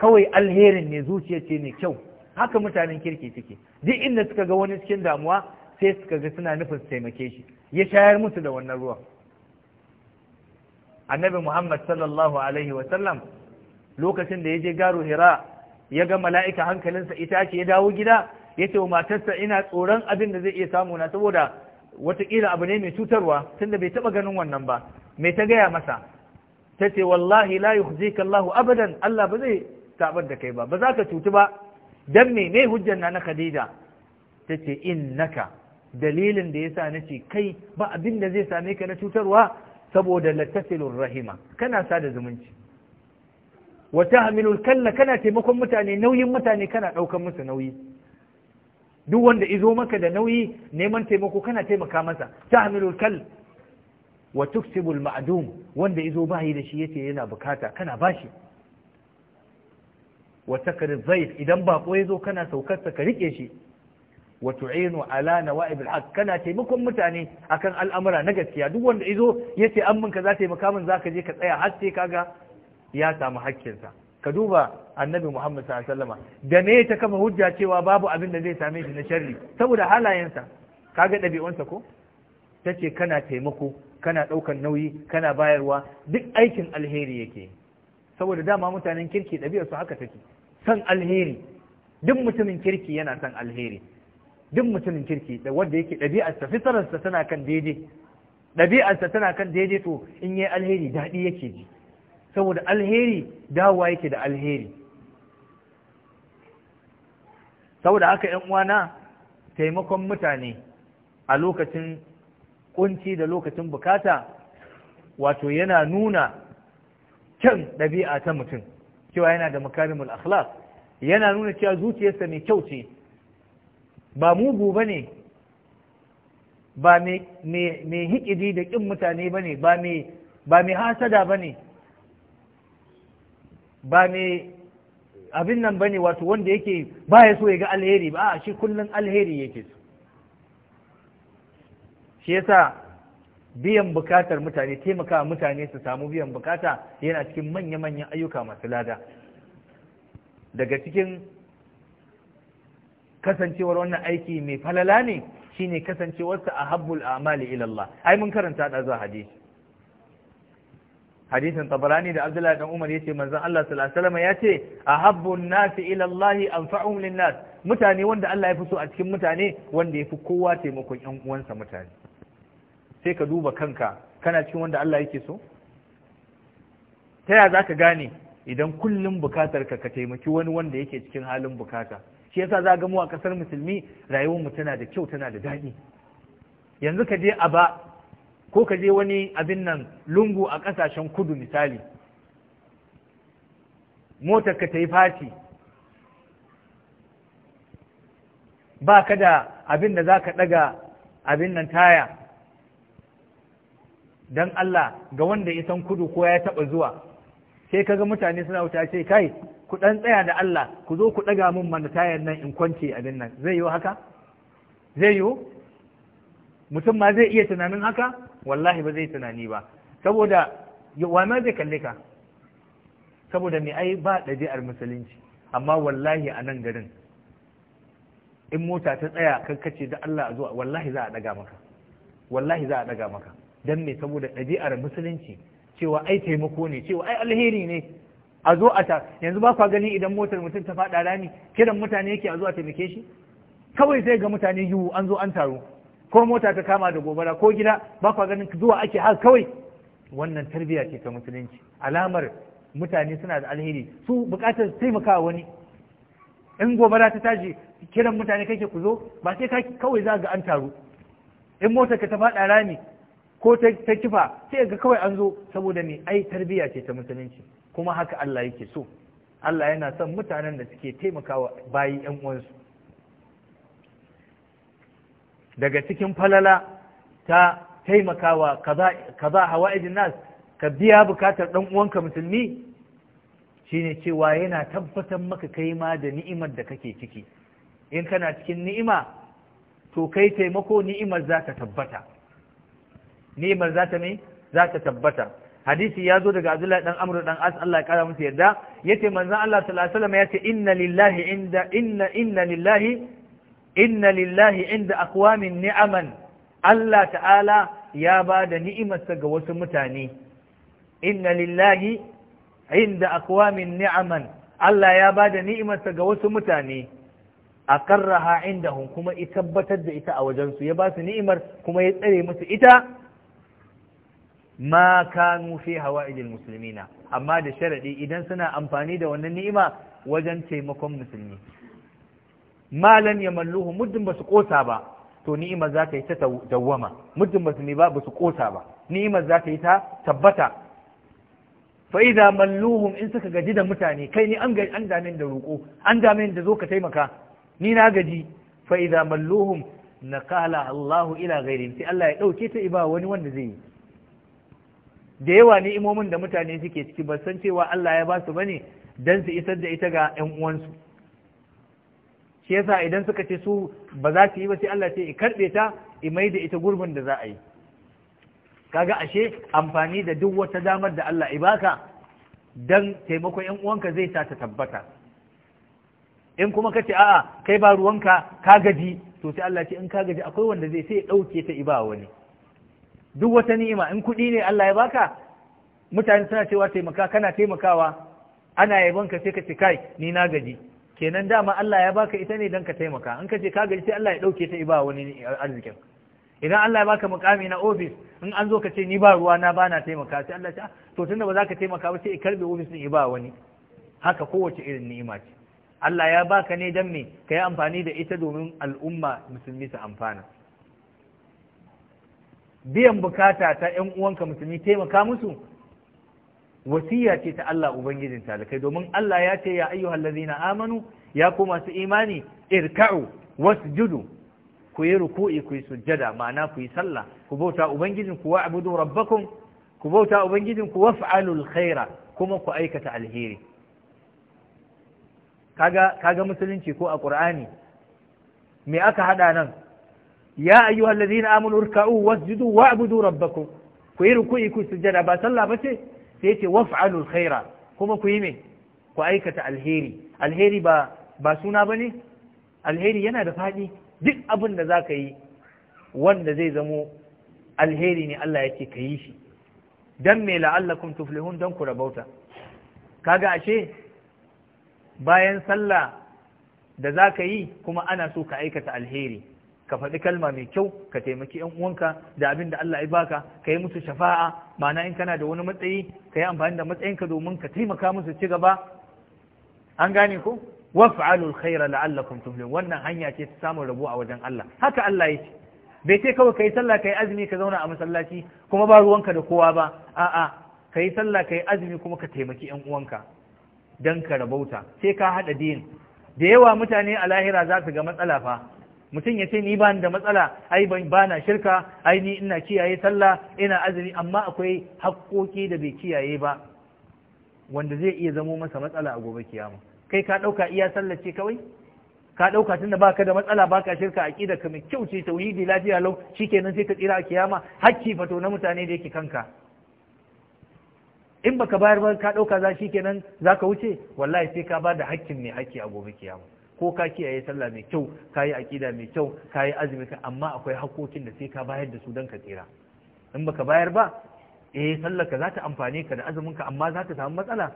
kawai alherin ne zuciya ce mai kyau haka mutanen kirki suke duk inda suka ga wani cikin damuwa sai suka ga suna nufin taimake shi ya shayar musu da wannan ruwan annabi muhammad sallallahu alaihi wasallam lokacin da ya je garo hira ya ga mala'ika hankalinsa itace ya dawo gida ya ce wa matarsa ina tsoron abin da zai iya samu na saboda watakila abu ne mai cutarwa tunda bai taɓa ganin wannan ba mai ta gaya masa ta ce wallahi la yukhzika Allah abadan Allah ba zai tabar da kai ba ba za ka cutu ba dan me me hujjar na na Khadija ta ce innaka dalilin da yasa ce kai ba abin da zai same ka na cutarwa saboda latasilur rahima kana sa da zumunci wa tahmilul kalla kana taimakon mutane nauyin mutane kana daukan musu nauyi duk wanda izo maka da nauyi neman taimako kana taimaka masa tahmilul kal wa tuksibul ma'dum wanda izo bayi da shi yace yana bukata kana bashi wa takrir zayf idan ko yazo kana saukarsa ka rike shi Wato Eno, ala nawa'ib al kana taimakon mutane akan al'amura na gaskiya duk wanda ya ce an mun za taimaka min ka je ka tsaya har sai kaga ya samu hakkinsa ka duba annabi Muhammad sallallahu alaihi wasallam da me ta kama hujja cewa babu abin da zai same shi na sharri saboda halayensa kaga ɗabi'unsa ko tace kana taimako kana ɗaukan nauyi kana bayarwa duk aikin alheri yake saboda dama mutanen kirki ɗabi'arsu haka take san alheri duk mutumin kirki yana son alheri duk mutumin kirki da wanda yake ɗabi'arsa fitararsa tana kan daidai ɗabi'arsa tana kan daidai to in yi alheri daɗi yake ji saboda alheri dawowa yake da alheri saboda haka ‘yan uwana taimakon mutane a lokacin kunci da lokacin bukata wato yana nuna kyan ɗabi'a ta mutum cewa yana da makarimul akhlaq yana nuna cewa zuciyarsa mai kyau ce ba mugu ba ne ba mai hikidi da ƙin mutane ba ne ba mai hasada ba ne ba mai abin nan ba ne wato wanda yake ba ya so ya ga alheri ba a shi kullum alheri yake so shi yasa biyan bukatar mutane taimaka mutane su samu biyan bukata yana cikin manya-manyan ayyuka masu lada daga cikin kasancewar wannan aiki mai falala ne shine kasancewarsa a habbul amali ilallah ai mun karanta da za hadisi hadisin tabarani da abdullahi dan umar yace manzo Allah sallallahu alaihi wasallam yace ahabbun nas ila Allah anfa'uhum linnas mutane wanda Allah ya fi so a cikin mutane wanda ya fi kowa taimakon ƴan uwansa mutane sai ka duba kanka kana cikin wanda Allah yake so ta ya zaka gane idan kullum bukatar ka ka taimaki wani wanda yake cikin halin bukata shi yasa za ga mu a kasar musulmi rayuwar mu tana da kyau tana da daɗi yanzu ka je a ba ko ka je wani abin nan lungu a ƙasashen kudu misali motar ka ta yi fati ba ka da abin da za ka ɗaga abin nan taya don Allah ga wanda ya san kudu ko ya taɓa zuwa sai kaga mutane suna wuta ce kai ku ɗan tsaya da Allah ku zo ku ɗaga min mana tayar nan in kwance abin nan zai yiwu haka zai yiwu mutum ma zai iya tunanin haka wallahi ba zai tunani ba saboda wa ma zai kalle ka saboda me ai ba ɗabi'ar musulunci amma wallahi a nan garin in mota ta tsaya karkace da Allah a zuwa wallahi za a ɗaga maka wallahi za a ɗaga maka don me saboda ɗabi'ar musulunci cewa ai taimako ne cewa ai alheri ne a zo a ta yanzu ba kwa gani idan motar mutum ta faɗa rami kiran mutane yake a zo a taimake shi kawai sai ga mutane yiwu an zo an taro ko mota ta kama da gobara ko gida ba kwa ganin zuwa ake har kawai wannan tarbiyya ce ta musulunci alamar mutane suna da alheri su bukatar taimakawa wani in gobara ta tashi kiran mutane kake ku zo ba sai kawai za ga an taru in motar ka ta faɗa rami ko ta kifa sai ga kawai an zo saboda me ai tarbiyya ce ta musulunci kuma haka Allah yake so Allah yana son mutanen da suke taimakawa bayi ‘yan uwansu daga cikin falala ta taimakawa kaza hawa nas ka biya bukatar ɗan uwanka musulmi shine cewa yana tabbatar maka kai ma da ni'imar da kake ciki in kana cikin ni'ima to kai taimako ni'imar za ta tabbata ni'imar za ta ne za ta tabbata hadisi ya zo daga Abdullahi dan Amr dan As Allah ya kara musu yarda yace manzon Allah sallallahu alaihi wasallam yace inna lillahi inda inna inna lillahi inna lillahi inda aqwamin ni'aman Allah ta'ala ya ba da ni'imarsa ga wasu mutane inna lillahi inda aqwamin ni'aman Allah ya ba da ni'imarsa ga wasu mutane kuma ya tabbatar da ita a wajensu ya ba su ni'imar kuma ya tsare musu ita ma kanu fi hawa'ilil muslimina amma da sharadi idan suna amfani da wannan ni'ima wajen taimakon musulmi malam ya malluhu muddin basu kosa ba to ni'ima za ta yi ta dawwama muddin musulmi ba basu kosa ba ni'ima za ta yi ta tabbata fa idza malluhum in suka gaji da mutane kai ni an an damin da roko an damin da zo ka taimaka ni na gaji fa idza malluhum naqala Allahu ila ghairi sai Allah ya dauke ta iba wani wanda zai yi da yawa imomin da mutane suke ciki ba san cewa Allah ya ba su bane dan su isar da ita ga ƴan uwansu shi yasa idan suka ce su ba za su yi ba sai Allah ce i karɓe ta i mai da ita gurbin da za a yi kaga ashe amfani da duk wata damar da Allah i baka dan taimakon ƴan uwanka zai sa ta tabbata in kuma ka ce a'a kai ba ruwanka ka gaji to sai Allah ce in ka gaji akwai wanda zai sai ya ɗauke ta iba wani duk wata ni'ima in kuɗi ne Allah ya baka mutane suna cewa taimaka kana taimakawa ana yabon ka sai ka ce kai ni na gaji kenan dama Allah ya baka ita ne don ka taimaka in ka ce ka gaji sai Allah ya ɗauke ta iba wani arzikin idan Allah ya baka mukami na ofis in an zo ka ce ni ba ruwa na bana taimaka sai Allah ya ah, to tunda ba za ka taimaka ba sai karbe ofis din iba wani haka kowace irin ni'ima ce Allah ya baka ne don me ka yi amfani da ita domin al'umma musulmi su amfana biyan bukata ta ‘yan uwanka musulmi taimaka musu wasiya ce ta Allah Ubangijin talakai domin Allah ya ce ya ayyuhal na amanu ya ku masu imani irka'u wasjudu ku yi ruku'i ku yi sujjada ma'ana ku yi sallah ku bauta ubangijin ku wa'budu rabbakum ku bauta ubangijin ku waf'alul khaira kuma ku aikata alheri kaga kaga musulunci ko a qur'ani me aka hada nan ya ayyuhal ladina amanu urka'u wasjudu wa'budu rabbakum ku yi ruku'i ku sujjada ba sallah ba ce sai ce waf'alul khaira kuma kuyi me ku aikata alheri alheri ba ba suna bane alheri yana da fadi duk abin da zaka yi wanda zai zamo alheri ne Allah yake ka yi shi dan me la'allakum tuflihun dan ku rabauta ga ashe bayan sallah da zaka yi kuma ana so ka aikata alheri ka faɗi kalma mai kyau ka taimaki yan uwanka da abin da Allah ya baka ka yi musu shafa'a ma'ana in kana da wani matsayi ka yi amfani da matsayinka domin ka taimaka musu ci gaba an gane ko waf'alul khaira la'allakum wannan hanya ce ta samun rabo a wajen Allah haka Allah ya ce bai ce kawai ka yi sallah ka yi azumi ka zauna a masallaci kuma ba ruwanka da kowa ba a'a ka yi sallah ka yi azumi kuma ka taimaki yan uwanka dan ka rabauta sai ka haɗa din da yawa mutane a lahira za su ga matsala fa mutum ya ce ni ba da matsala ai ba na shirka ai ni ina kiyaye sallah ina azumi amma akwai haƙƙoƙi da bai kiyaye ba wanda zai iya zamo masa matsala a gobe kiyama kai ka ɗauka iya sallah ce kawai ka ɗauka tunda baka da matsala baka shirka aqida ka mai kyau ce tauhidi lafiya lau shikenan sai ka tsira a kiyama hakki fato na mutane da yake kanka in baka bayar ba ka ɗauka za shikenan zaka wuce wallahi sai ka ba da hakkin mai hakki a gobe kiyama ko ka kiyaye sallah mai kyau ka yi aƙida mai kyau ka yi azumi amma akwai hakokin da sai ka bayar da su don ka tsira in baka bayar ba eh sallah ka za ta amfane ka da azumin ka amma za ta samu matsala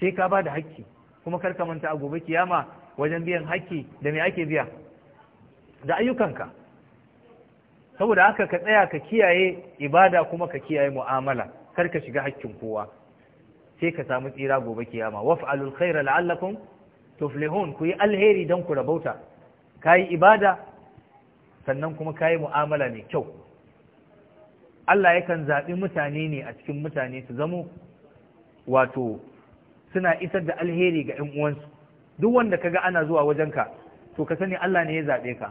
sai ka ba da hakki kuma kar ka manta a gobe kiyama wajen biyan hakki da me ake biya da ayyukanka saboda haka ka tsaya ka kiyaye ibada kuma ka kiyaye mu'amala kar ka shiga hakkin kowa sai ka samu tsira gobe kiyama waf'alul khaira la'allakum tuflihun ku yi alheri don ku rabauta ka yi ibada sannan kuma ka yi mu'amala mai kyau Allah yakan zaɓi mutane ne a cikin mutane su zamo wato suna isar da alheri ga ‘yan uwansu duk wanda ka ga ana zuwa wajenka to ka sani Allah ne ya zaɓe ka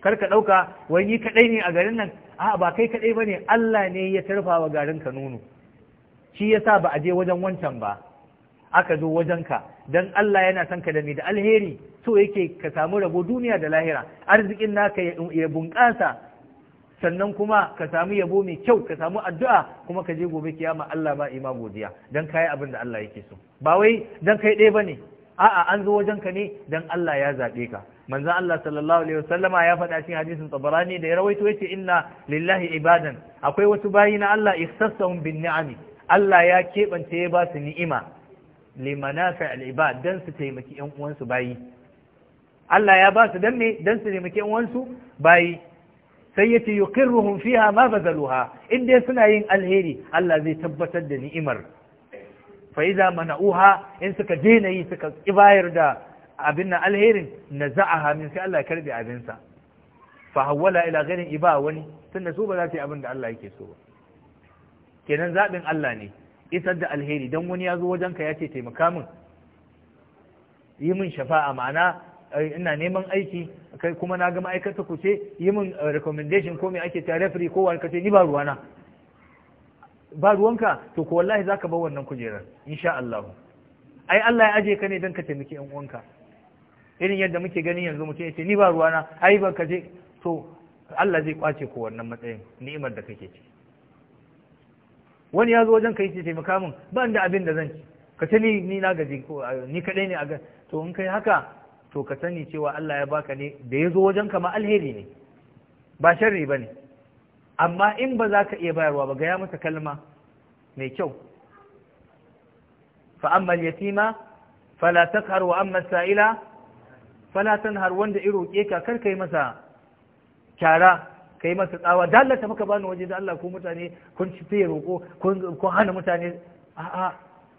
kar ka ɗauka wai yi kaɗai ne a garin nan a ba kai kaɗai ba ne Allah ne ya tarfa wa garin ka nono shi sa ba a je wajen wancan ba aka zo wajenka dan Allah yana son ka da mai da alheri so yake ka samu rabo duniya da lahira arzikin naka ya bunƙasa sannan kuma ka samu yabo mai kyau ka samu addu'a kuma ka je gobe kiyama Allah ba ima godiya dan kai abin da Allah yake so ba wai dan kai ɗaya bane a'a an zo wajenka ne dan Allah ya zaɓe ka manzon Allah sallallahu alaihi wasallama ya faɗa cikin hadisin Tabarani da ya rawaito yace inna lillahi ibadan akwai wasu bayi na Allah ihsassahum bin ni'ami Allah ya keɓance ya ba su ni'ima limanafi al'ibad don su taimaki ‘yan uwansu bayi Allah ya ba su dan me don su taimaki uwansu bayi sai ya ce yuqirruhum fiha ma bazaluha in dai suna yin alheri Allah zai tabbatar da ni'imar fa idza mana'uha in suka daina yi suka kibayar da abin nan alherin naza'aha min sai Allah ya karbe abin sa fa hawala ila ghairin iba wani tunda su ba za ta yi abin da Allah yake so ba kenan zaɓin Allah ne isar da alheri don wani ya zo wajenka ya ce taimaka min yi min shafa'a ma'ana eh, ina neman aiki kai kuma na ga ma'aikata ku ce yi min eh, recommendation ko me ake ta referee ko wani kace ni ba ruwana ba ruwanka to ko wallahi zaka bar wannan kujerar insha Allah ai Allah ya aje ka ne don ka taimaki yan uwanka irin yadda muke gani yanzu mutum ya ce ni ba ruwana ai ba ka je to Allah zai kwace ku wannan matsayin ni'imar da kake ciki wani ya zo wajen ka yi ce taimaka min ban da abin da zan ci ka sani ni na gaji ko ni kadai ne a ga to in kai haka to ka sani cewa Allah ya baka ne da ya zo wajen ka ma alheri ne ba sharri bane amma in ba za ka iya bayarwa ba gaya masa kalma mai kyau fa amma yatima fala taqhar wa amma sa'ila fala tanhar wanda i ka kar kai masa kyara Ka yi masa tsawa da Allah maka bani waje da Allah ko mutane kun ci fiye roƙo kun hana mutane a'a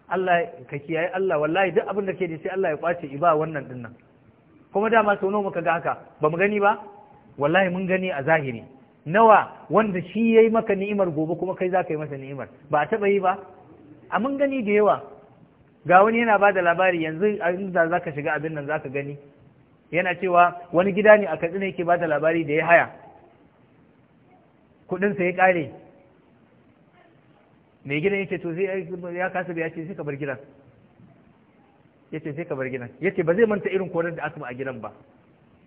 Allah ka kiyaye Allah wallahi duk abin da ke da sai Allah ya kwace iba wannan dinnan kuma dama sau nawa muka ga haka ba mu gani ba wallahi mun gani a zahiri nawa wanda shi yayi maka ni'imar gobe kuma kai za ka yi masa ni'imar ba a taɓa yi ba a mun gani da yawa ga wani yana bada labari yanzu inda za ka shiga abin nan za ka gani yana cewa wani gida ne a katsina yake ba da labari da ya haya kudinsa ya kare mai gidan yake to zai ya kasa ya ce sai ka bar gidan ya ce sai ka bar gidan ya ce ba zai manta irin koren da asma a gidan ba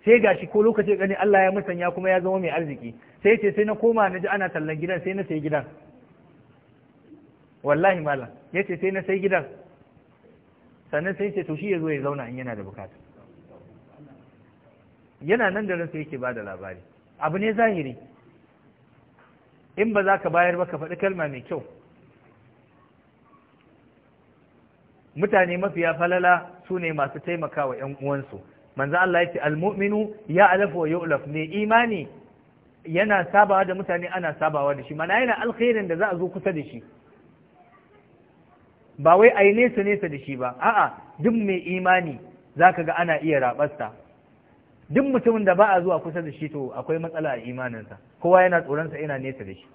sai gashi ko lokaci gani Allah ya musanya kuma ya zama mai arziki sai ya ce sai na koma na ji ana tallan gidan sai na sai gidan wallahi malam ya ce sai na sai gidan sannan sai ce to shi ya zo ya zauna in yana da bukata yana nan da ransa yake ba da labari abu ne zahiri in ba za ka bayar ba ka faɗi kalma mai kyau mutane mafiya falala su ne masu taimakawa ‘yan uwansu manzo Allah ya ce almu'minu ya alafu wa yu'laf ne imani yana sabawa da mutane ana sabawa da shi mana yana alkhairin da za a zo kusa da shi ba wai a yi nesa nesa da shi ba a'a duk mai imani za ka ga ana iya raɓarsa duk mutumin da ba a zuwa kusa da shi to akwai matsala a imaninsa kowa yana tsoronsa yana nesa da shi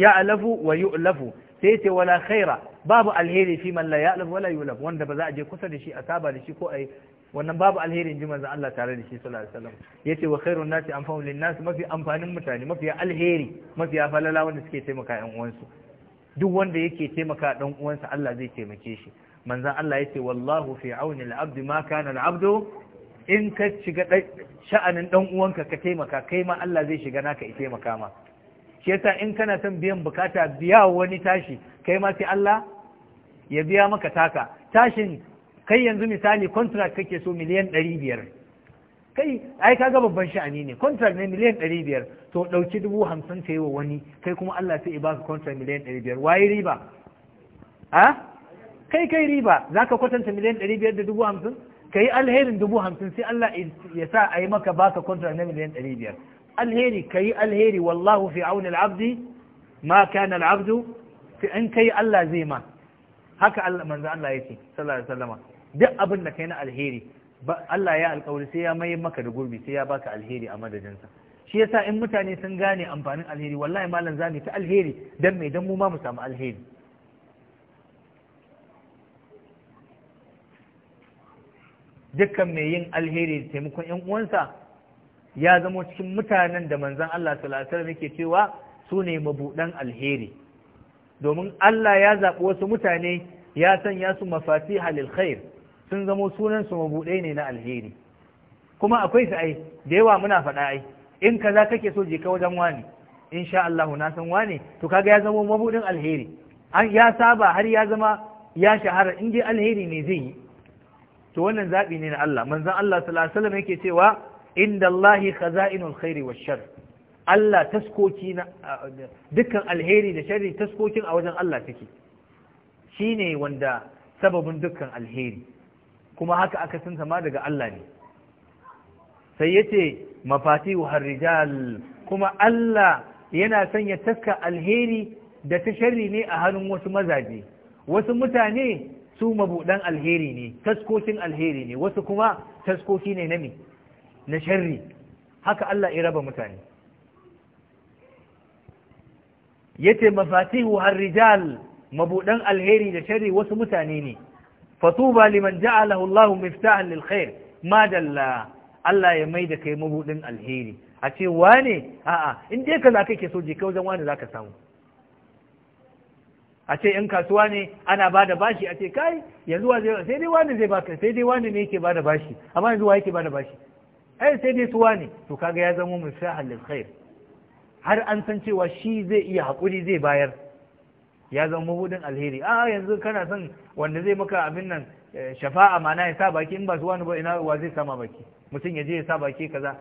ya alafu wa yi yu'lafu sai ce wala khaira babu alheri fi man la ya'lafu wala yi yu'laf wanda ba za a je kusa da shi a saba da shi ko ai wannan babu alherin ji manzon Allah tare da shi sallallahu alaihi wasallam ce wa khairun nasi anfa'u lin nas mafi amfanin mutane mafi alheri mafi falala wanda suke taimaka ƴan uwansu duk wanda yake taimaka dan uwansa Allah zai taimake shi manzon Allah ya ce wallahu fi auni al-abd ma kana al in ka shiga sha'anin dan uwanka ka taimaka kai ma Allah zai shiga naka ya taimaka ma shi yasa in kana son biyan bukata biya wani tashi kai ma sai Allah ya biya maka taka tashin kai yanzu misali contract kake so miliyan ɗari biyar kai ai kaga babban sha'ani ne contract ne miliyan ɗari biyar to ɗauki dubu hamsin ka yi wa wani kai kuma Allah sai ya baka contract miliyan ɗari biyar waye riba a kai kai riba za ka kwatanta miliyan ɗari biyar da dubu hamsin ka yi alherin dubu hamsin sai Allah ya sa a yi maka baka kontra na miliyan ɗari biyar alheri ka yi alheri wallahu fi auni al'abdi ma kana al'abdu fi in kai Allah zai ma haka Allah manzo Allah yake sallallahu alaihi wasallama duk abin da kai na alheri Allah ya alƙawari sai ya mai maka da gurbi sai ya baka alheri a sa shi yasa in mutane sun gane amfanin alheri wallahi malam zamu ta alheri dan mai dan mu ma mu samu alheri dukkan mai yin alheri da taimakon yan uwansa ya zama cikin mutanen da manzon Allah sallallahu alaihi wasallam yake cewa su ne mabudan alheri domin Allah ya zaɓi wasu mutane ya sanya su mafati halil khair sun zamo sunan su mabuɗai ne na alheri kuma akwai su ai da yawa muna faɗa ai in kaza kake so je ka wajen wani insha Allah na san wani to kaga ya zamo mabuɗin alheri an ya saba har ya zama ya shahara in je alheri ne zai yi to wannan zaɓi ne na Allah manzon Allah sallallahu alaihi wasallam yake cewa inda kaza khaza'inul khairi wash shar Allah taskoki na dukkan alheri da sharri taskokin a wajen Allah take ne wanda sababin dukkan alheri kuma haka aka san sama daga Allah ne sai yace mafatihu harrijal kuma Allah yana sanya taska alheri da ta sharri ne a hannun wasu mazaje wasu mutane su mabuɗan alheri ne taskokin alheri ne wasu kuma taskoki ne na me na sharri haka Allah ya raba mutane yace mafatihu har-rijal alheri da sharri wasu mutane ne fatuba liman ja'alahu Allah miftahan lil khair madalla Allah ya maida kai mabuɗin alheri a ce wane a'a in dai zaka kake so je ka wanda zaka samu a ce in kasuwa ne ana ba da bashi a ce kai yanzu wa zai sai dai wani zai baka sai dai wani ne yake ba da bashi amma yanzu wa yake ba da bashi ai sai dai suwa ne to kaga ya zama musahal halin khair har an san cewa shi zai iya hakuri zai bayar ya zama mabudin alheri a yanzu kana son wanda zai maka abin nan eh, shafa'a mana ya sa baki in ba su wani ba ina wa zai sama baki mutum ya je ya sa baki kaza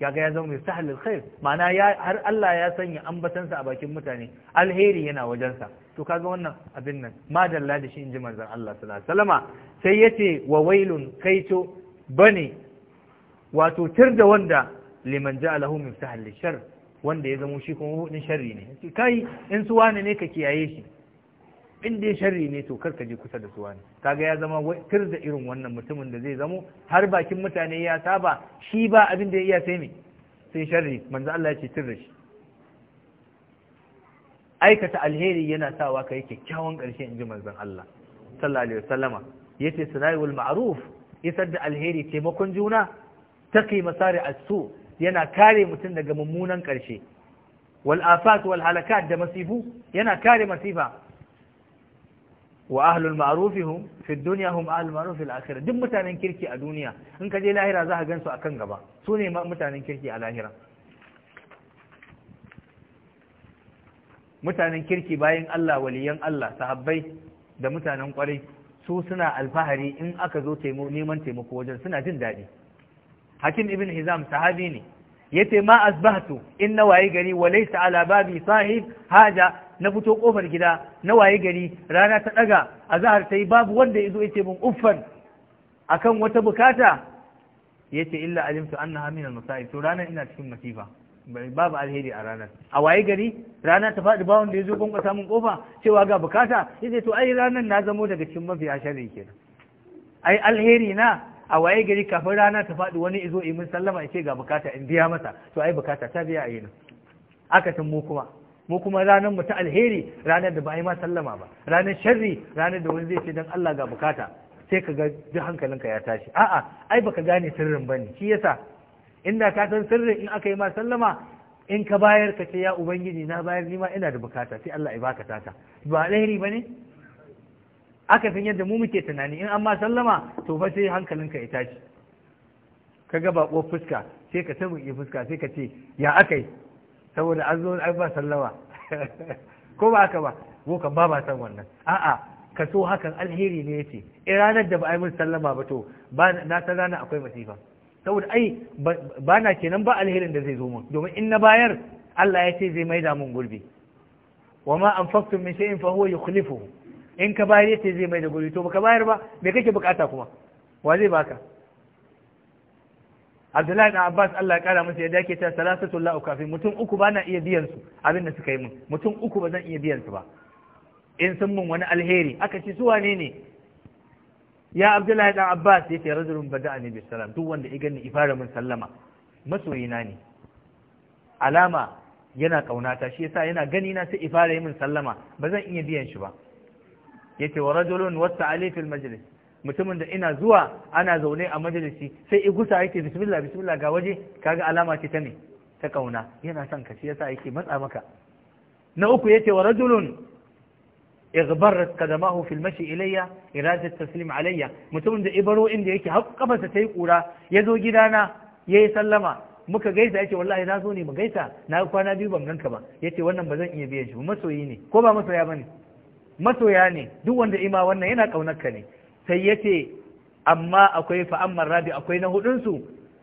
ga ya zama mai sahal alkhair ma'ana ya har Allah ya sanya ambatansa a bakin mutane alheri yana wajensa to kaga wannan abin nan madalla da shi inji manzon Allah sallallahu alaihi wasallama sai yace wa wailun kaito bane wato tir da wanda liman ja'alahu min sahal shar wanda ya zama shi kuma hudin sharri ne kai in su wane ne ka kiyaye shi in dai sharri ne to karka je kusa da su wani kaga ya zama tur da irin wannan mutumin da zai zamo har bakin mutane ya saba shi ba abin da ya iya sai me sai sharri manzo Allah ya ce tur da shi aikata alheri yana sawa kai kyakkyawan karshe inji manzon Allah sallallahu alaihi wasallama yace sana'iul ma'ruf isar da alheri taimakon juna taqi masari as-su yana kare mutum daga mummunan karshe wal afat wal halakat da masifu yana kare masifa wa ahlul ma'rufi hum fi dunya hum ahlul ma'rufi fil akhirah duk mutanen kirki a duniya in ka je lahira za ka gan su akan gaba su ne mutanen kirki a lahira mutanen kirki bayan Allah waliyan Allah sahabbai da mutanen kwarai su suna alfahari in aka zo neman taimako wajen suna jin daɗi hakim ibn hizam sahabi ne yace ma asbahtu inna waye gari wa laysa ala babi sahib haja na fito kofar gida na waye gari rana ta daga azhar ta yi babu wanda ya zo ya ce min uffan akan wata bukata ya ce illa alimtu annaha min al-masa'ib to ranar ina cikin masifa babu alheri a ranar a waye gari rana ta faɗi bawon da ya zo kwankwasa min kofa cewa ga bukata ya ce to ai ranar na zamo daga cikin mafiya sharri kenan ai alheri na a waye gari kafin rana ta faɗi wani izo imin sallama ya ce ga bukata in biya masa to ai bukata ta biya a yi nan aka mu kuma mu kuma ranar mu ta alheri ranar da ba yi ma sallama ba ranar sharri ranar da wani zai ce dan Allah ga bukata sai ka ga duk hankalinka ya tashi a'a ai baka gane sirrin bane shi yasa inda ka san sirrin in aka yi ma sallama in ka bayar ka ce ya ubangiji na bayar ni ma ina da bukata sai Allah ya baka tata ba alheri bane aka san yadda mu muke tunani in an ma sallama to ba sai hankalinka ya tashi ka ga baƙuwar fuska sai ka ta fuska sai ka ce ya akai saboda an zo an ba sallama (laughs) ko ba haka ba ko kan ba ba san wannan a'a ka so hakan alheri ne yace in eh, ranar da ba ai mun sallama ba to ba na san ranar akwai masifa saboda ai ba na kenan ba alherin da zai zo mun domin in na bayar Allah ya ce zai maida mun gurbi wa ma anfaqtum min shay'in fa huwa yukhlifuhu in ka bayar yace zai maida gurbi to baka bayar ba me kake bukata kuma wa zai baka abdullahi ɗan abbas allah ya ƙara musu ya dake ta salasatu la ukafi mutum uku ba na iya biyan su abin da suka yi min mutum uku ba zan iya biyan su ba in sun mun wani alheri aka ce su wane ne ya abdullahi ɗan abbas ya ce rajulun bada'ani bi salam duk wanda ya gani ifara mun sallama masoyina ne alama yana kaunata shi yasa yana gani na sai ifara yi mun sallama ba zan iya biyan shi ba yace wa rajulun wasta alifil majlis mutumin da ina zuwa ana zaune a majalisi sai igusa yake bismillah bismillah ga waje kaga alama ce ta ne ta kauna yana son ka shi yasa yake matsa maka na uku yace wa rajulun igbar kadamahu fil mashi ilayya iradat taslim alayya mutumin da ibaro inda yake har kafarsa ta yi kura ya zo gidana yayi sallama muka gaisa yace wallahi na zo ne mu gaisa na kwana biyu ban ganka ba yace wannan ba zan iya biyan shi masoyi ne ko ba masoya bane masoya ne duk wanda ima wannan yana kaunar ka ne sai ya ce, amma akwai fa rabi akwai na hudun su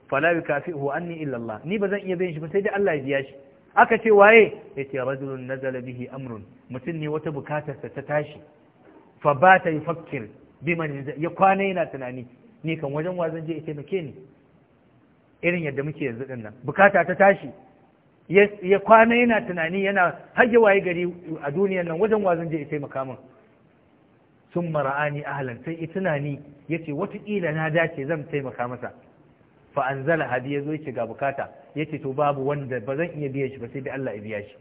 kafi yukafihu anni illa illallah. ni ba zan iya bin shi ba sai dai Allah ya biya shi aka ce waye Ya ce rajulun nazala bihi amrun mutum ne wata bukatar ta tashi fa ba ta fakir bi biman ya kwana yana tunani ni kan wajen wa zan je ya taimake ni irin yadda muke yanzu din nan bukata ta tashi ya kwana yana tunani yana hage waye gari a duniyar nan wajen zan je ya taimaka min sun mara'ani ahlan sai ituna ni ya ce watakila na dace zan taimaka masa fa'anzala hadi ya zo ya ga bukata ya ce to babu wanda ba zan iya biya shi ba sai dai Allah ya biya shi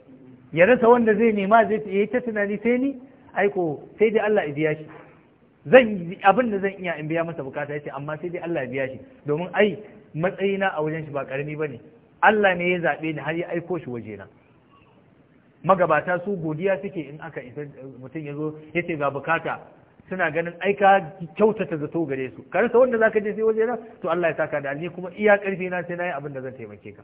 ya rasa wanda zai nema zai yi ta tunani sai ni aiko sai dai Allah ya biya shi zan abin da zan iya in biya masa bukata yace amma sai dai Allah ya biya shi domin ai matsayina a wajen shi ba karami bane Allah ne ya zaɓe ni har ya aiko shi waje na magabata su godiya suke in aka isa mutum ya zo yace ga bukata suna ganin ai ka kyautata zato gare su ka rasa wanda zaka je sai waje na to Allah ya saka da ni kuma iya karfi na sai nayi abin da zan taimake ka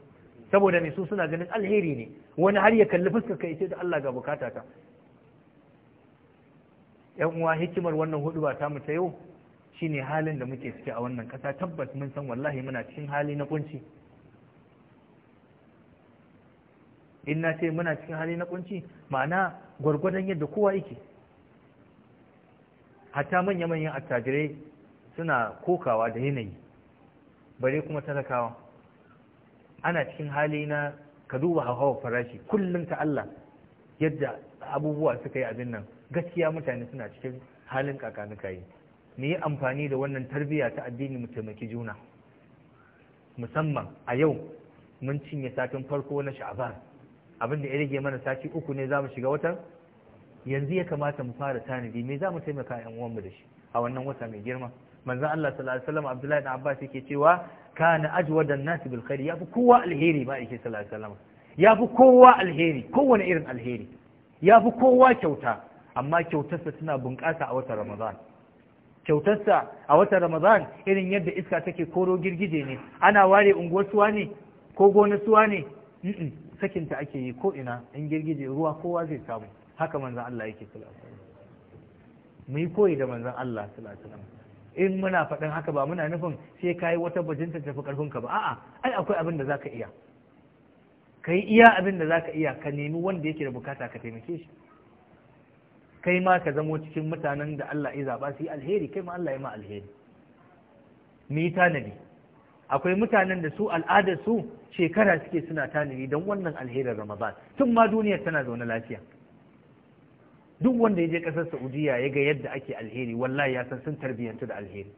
saboda ne su suna ganin alheri ne wani har ya kalli fuskar ka yace da Allah ga bukata ta yan uwa hikimar wannan hudu ba ta mu ta yau shine halin da muke ciki a wannan kasa tabbas mun san wallahi muna cikin hali na kunci in na ce muna cikin hali na kunci ma'ana gwargwadon yadda kowa yake hatta manya-manyan attajirai suna kokawa da yanayi bare kuma talakawa ana cikin hali na ka duba hauhawar farashi kullum ta Allah yadda abubuwa suka yi abin nan gaskiya mutane suna cikin halin kakanuka yi mu yi amfani da wannan tarbiyya ta addini mu taimaki juna musamman a yau mun cinye satin farko na sha'aban abin da ya rage mana sati uku ne za mu shiga watan yanzu ya kamata mu fara tanadi me za mu taimaka yan uwanmu da shi a wannan wata mai girma manzon Allah sallallahu alaihi wasallam Abdullahi ibn Abbas yake cewa kana ajwada an-nas bil khair yafi kowa alheri ba yake sallallahu alaihi wasallam yafi kowa alheri kowane irin alheri yafi kowa kyauta amma kyautarsa tana bunƙasa a watan Ramadan kyautarsa a watan Ramadan irin yadda iska take koro girgije ne ana ware unguwar suwa ne ko gonar suwa ne sakinta ake yi ko ina in girgije ruwa kowa zai samu haka manzan Allah yake mu yi koyi da manzan Allah in muna faɗin haka ba muna nufin sai ka wata bajinta tafi ƙarfinka ba a'a ai akwai abin da za ka iya ka yi iya abin da za ka iya ka nemi wanda yake da bukata ka taimake shi kai ma ka zamo cikin mutanen da Allah ya zaɓa su yi alheri kai ma Allah ya ma alheri mu yi tanadi akwai mutanen da su al'adar su shekara suke suna tanadi don wannan alherin ramadan tun ma duniyar tana zaune lafiya duk wanda ya je ƙasar saudiya ya ga yadda ake alheri wallahi ya san sun tarbiyyantu da alheri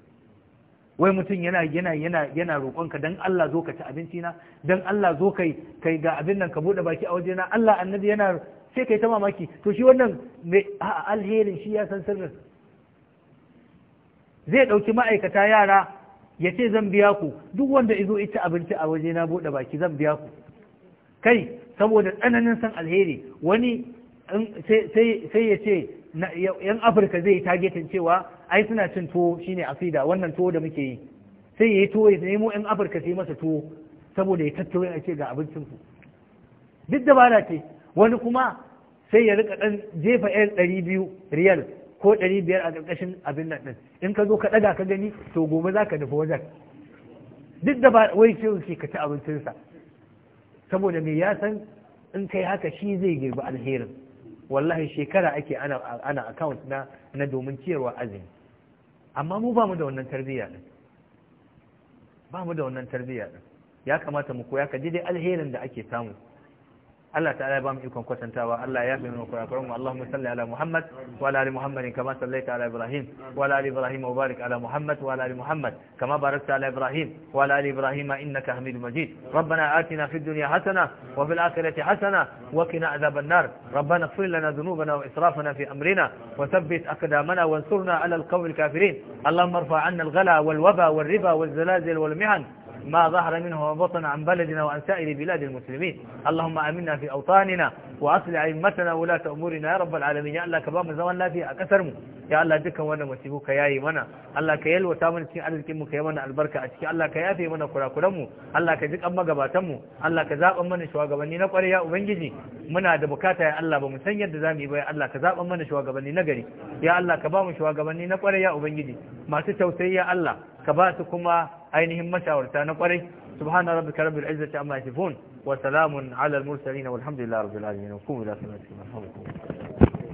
wai mutum yana yana yana yana roƙonka dan Allah zo ka ci abinci na dan Allah zo kai kai ga abin nan ka bude baki a waje na Allah annabi yana sai kai ta mamaki to shi wannan mai alherin shi ya san sirrin zai ɗauki ma'aikata yara ya ce zan biya ku duk wanda izo ita abinci a waje na bude baki zan biya ku kai saboda tsananin san alheri wani sai ya ce yan afirka zai yi targetin cewa ai suna cin tuwo shine asida wannan tuwo da muke yi sai ya yi tuwo ya nemo yan afirka sai masa tuwo saboda ya tattaro ya ce ga abincinsu duk da bada ce wani kuma sai ya rika dan jefa yan ɗari biyu riyal ko ɗari biyar a ƙarƙashin abin nan ɗin in ka zo ka ɗaga ka gani to gobe za ka nufi wajen duk da ba wai ce ke ka ci abincinsa saboda me ya san in kai haka shi zai girbi alherin wallahi shekara ake ana ana account na na domin ciyarwa azumi amma mu ba mu da wannan tarbiyya din ba mu da wannan tarbiyya din ya kamata mu koya ka dai alherin da ake samu Allah ta'ala ya ba mu ikon kwatantawa Allah ya bi mu kurakuran mu Allahumma salli ala Muhammad wa ala ali Muhammad kama sallaita ala Ibrahim wa ala ali Ibrahim wa barik ala Muhammad wa ala ali Muhammad kama barakta ala Ibrahim wa ala ali Ibrahim innaka Hamidum Majid ربنا آتنا في الدنيا حسنة وفي الآخرة حسنة وقنا عذاب النار ربنا اغفر لنا ذنوبنا وإسرافنا في أمرنا وثبت أقدامنا وانصرنا على القوم الكافرين اللهم ارفع عنا الغلا والوبا والربا والزلازل والمحن ما ظهر منه وبطن عن بلدنا وعن سائر بلاد المسلمين اللهم امنا في اوطاننا واصلح ائمتنا ولاة امورنا يا رب العالمين يا الله كبام زمان lafiya a kasar mu ya Allah dukkan wannan musibu ka yayi mana Allah ka yalwata mana cikin arzikin mu ka yi mana albarka a ciki Allah ka yafe mana kurakuran mu Allah ka jikan magabatan mu Allah ka zaban mana shugabanni na ƙwarya ubangiji muna da bukata ya Allah ba mu san yadda zamu yi ba ya Allah ka zaban mana shugabanni na gari ya Allah ka ba mu na ubangiji masu tausayi ka kuma ainihin mashawarta na kwarai subhana rabbika rabbil izzati amma yasifun wa salamun ala al mursalin walhamdulillahi rabbil alamin wa qumu ila salati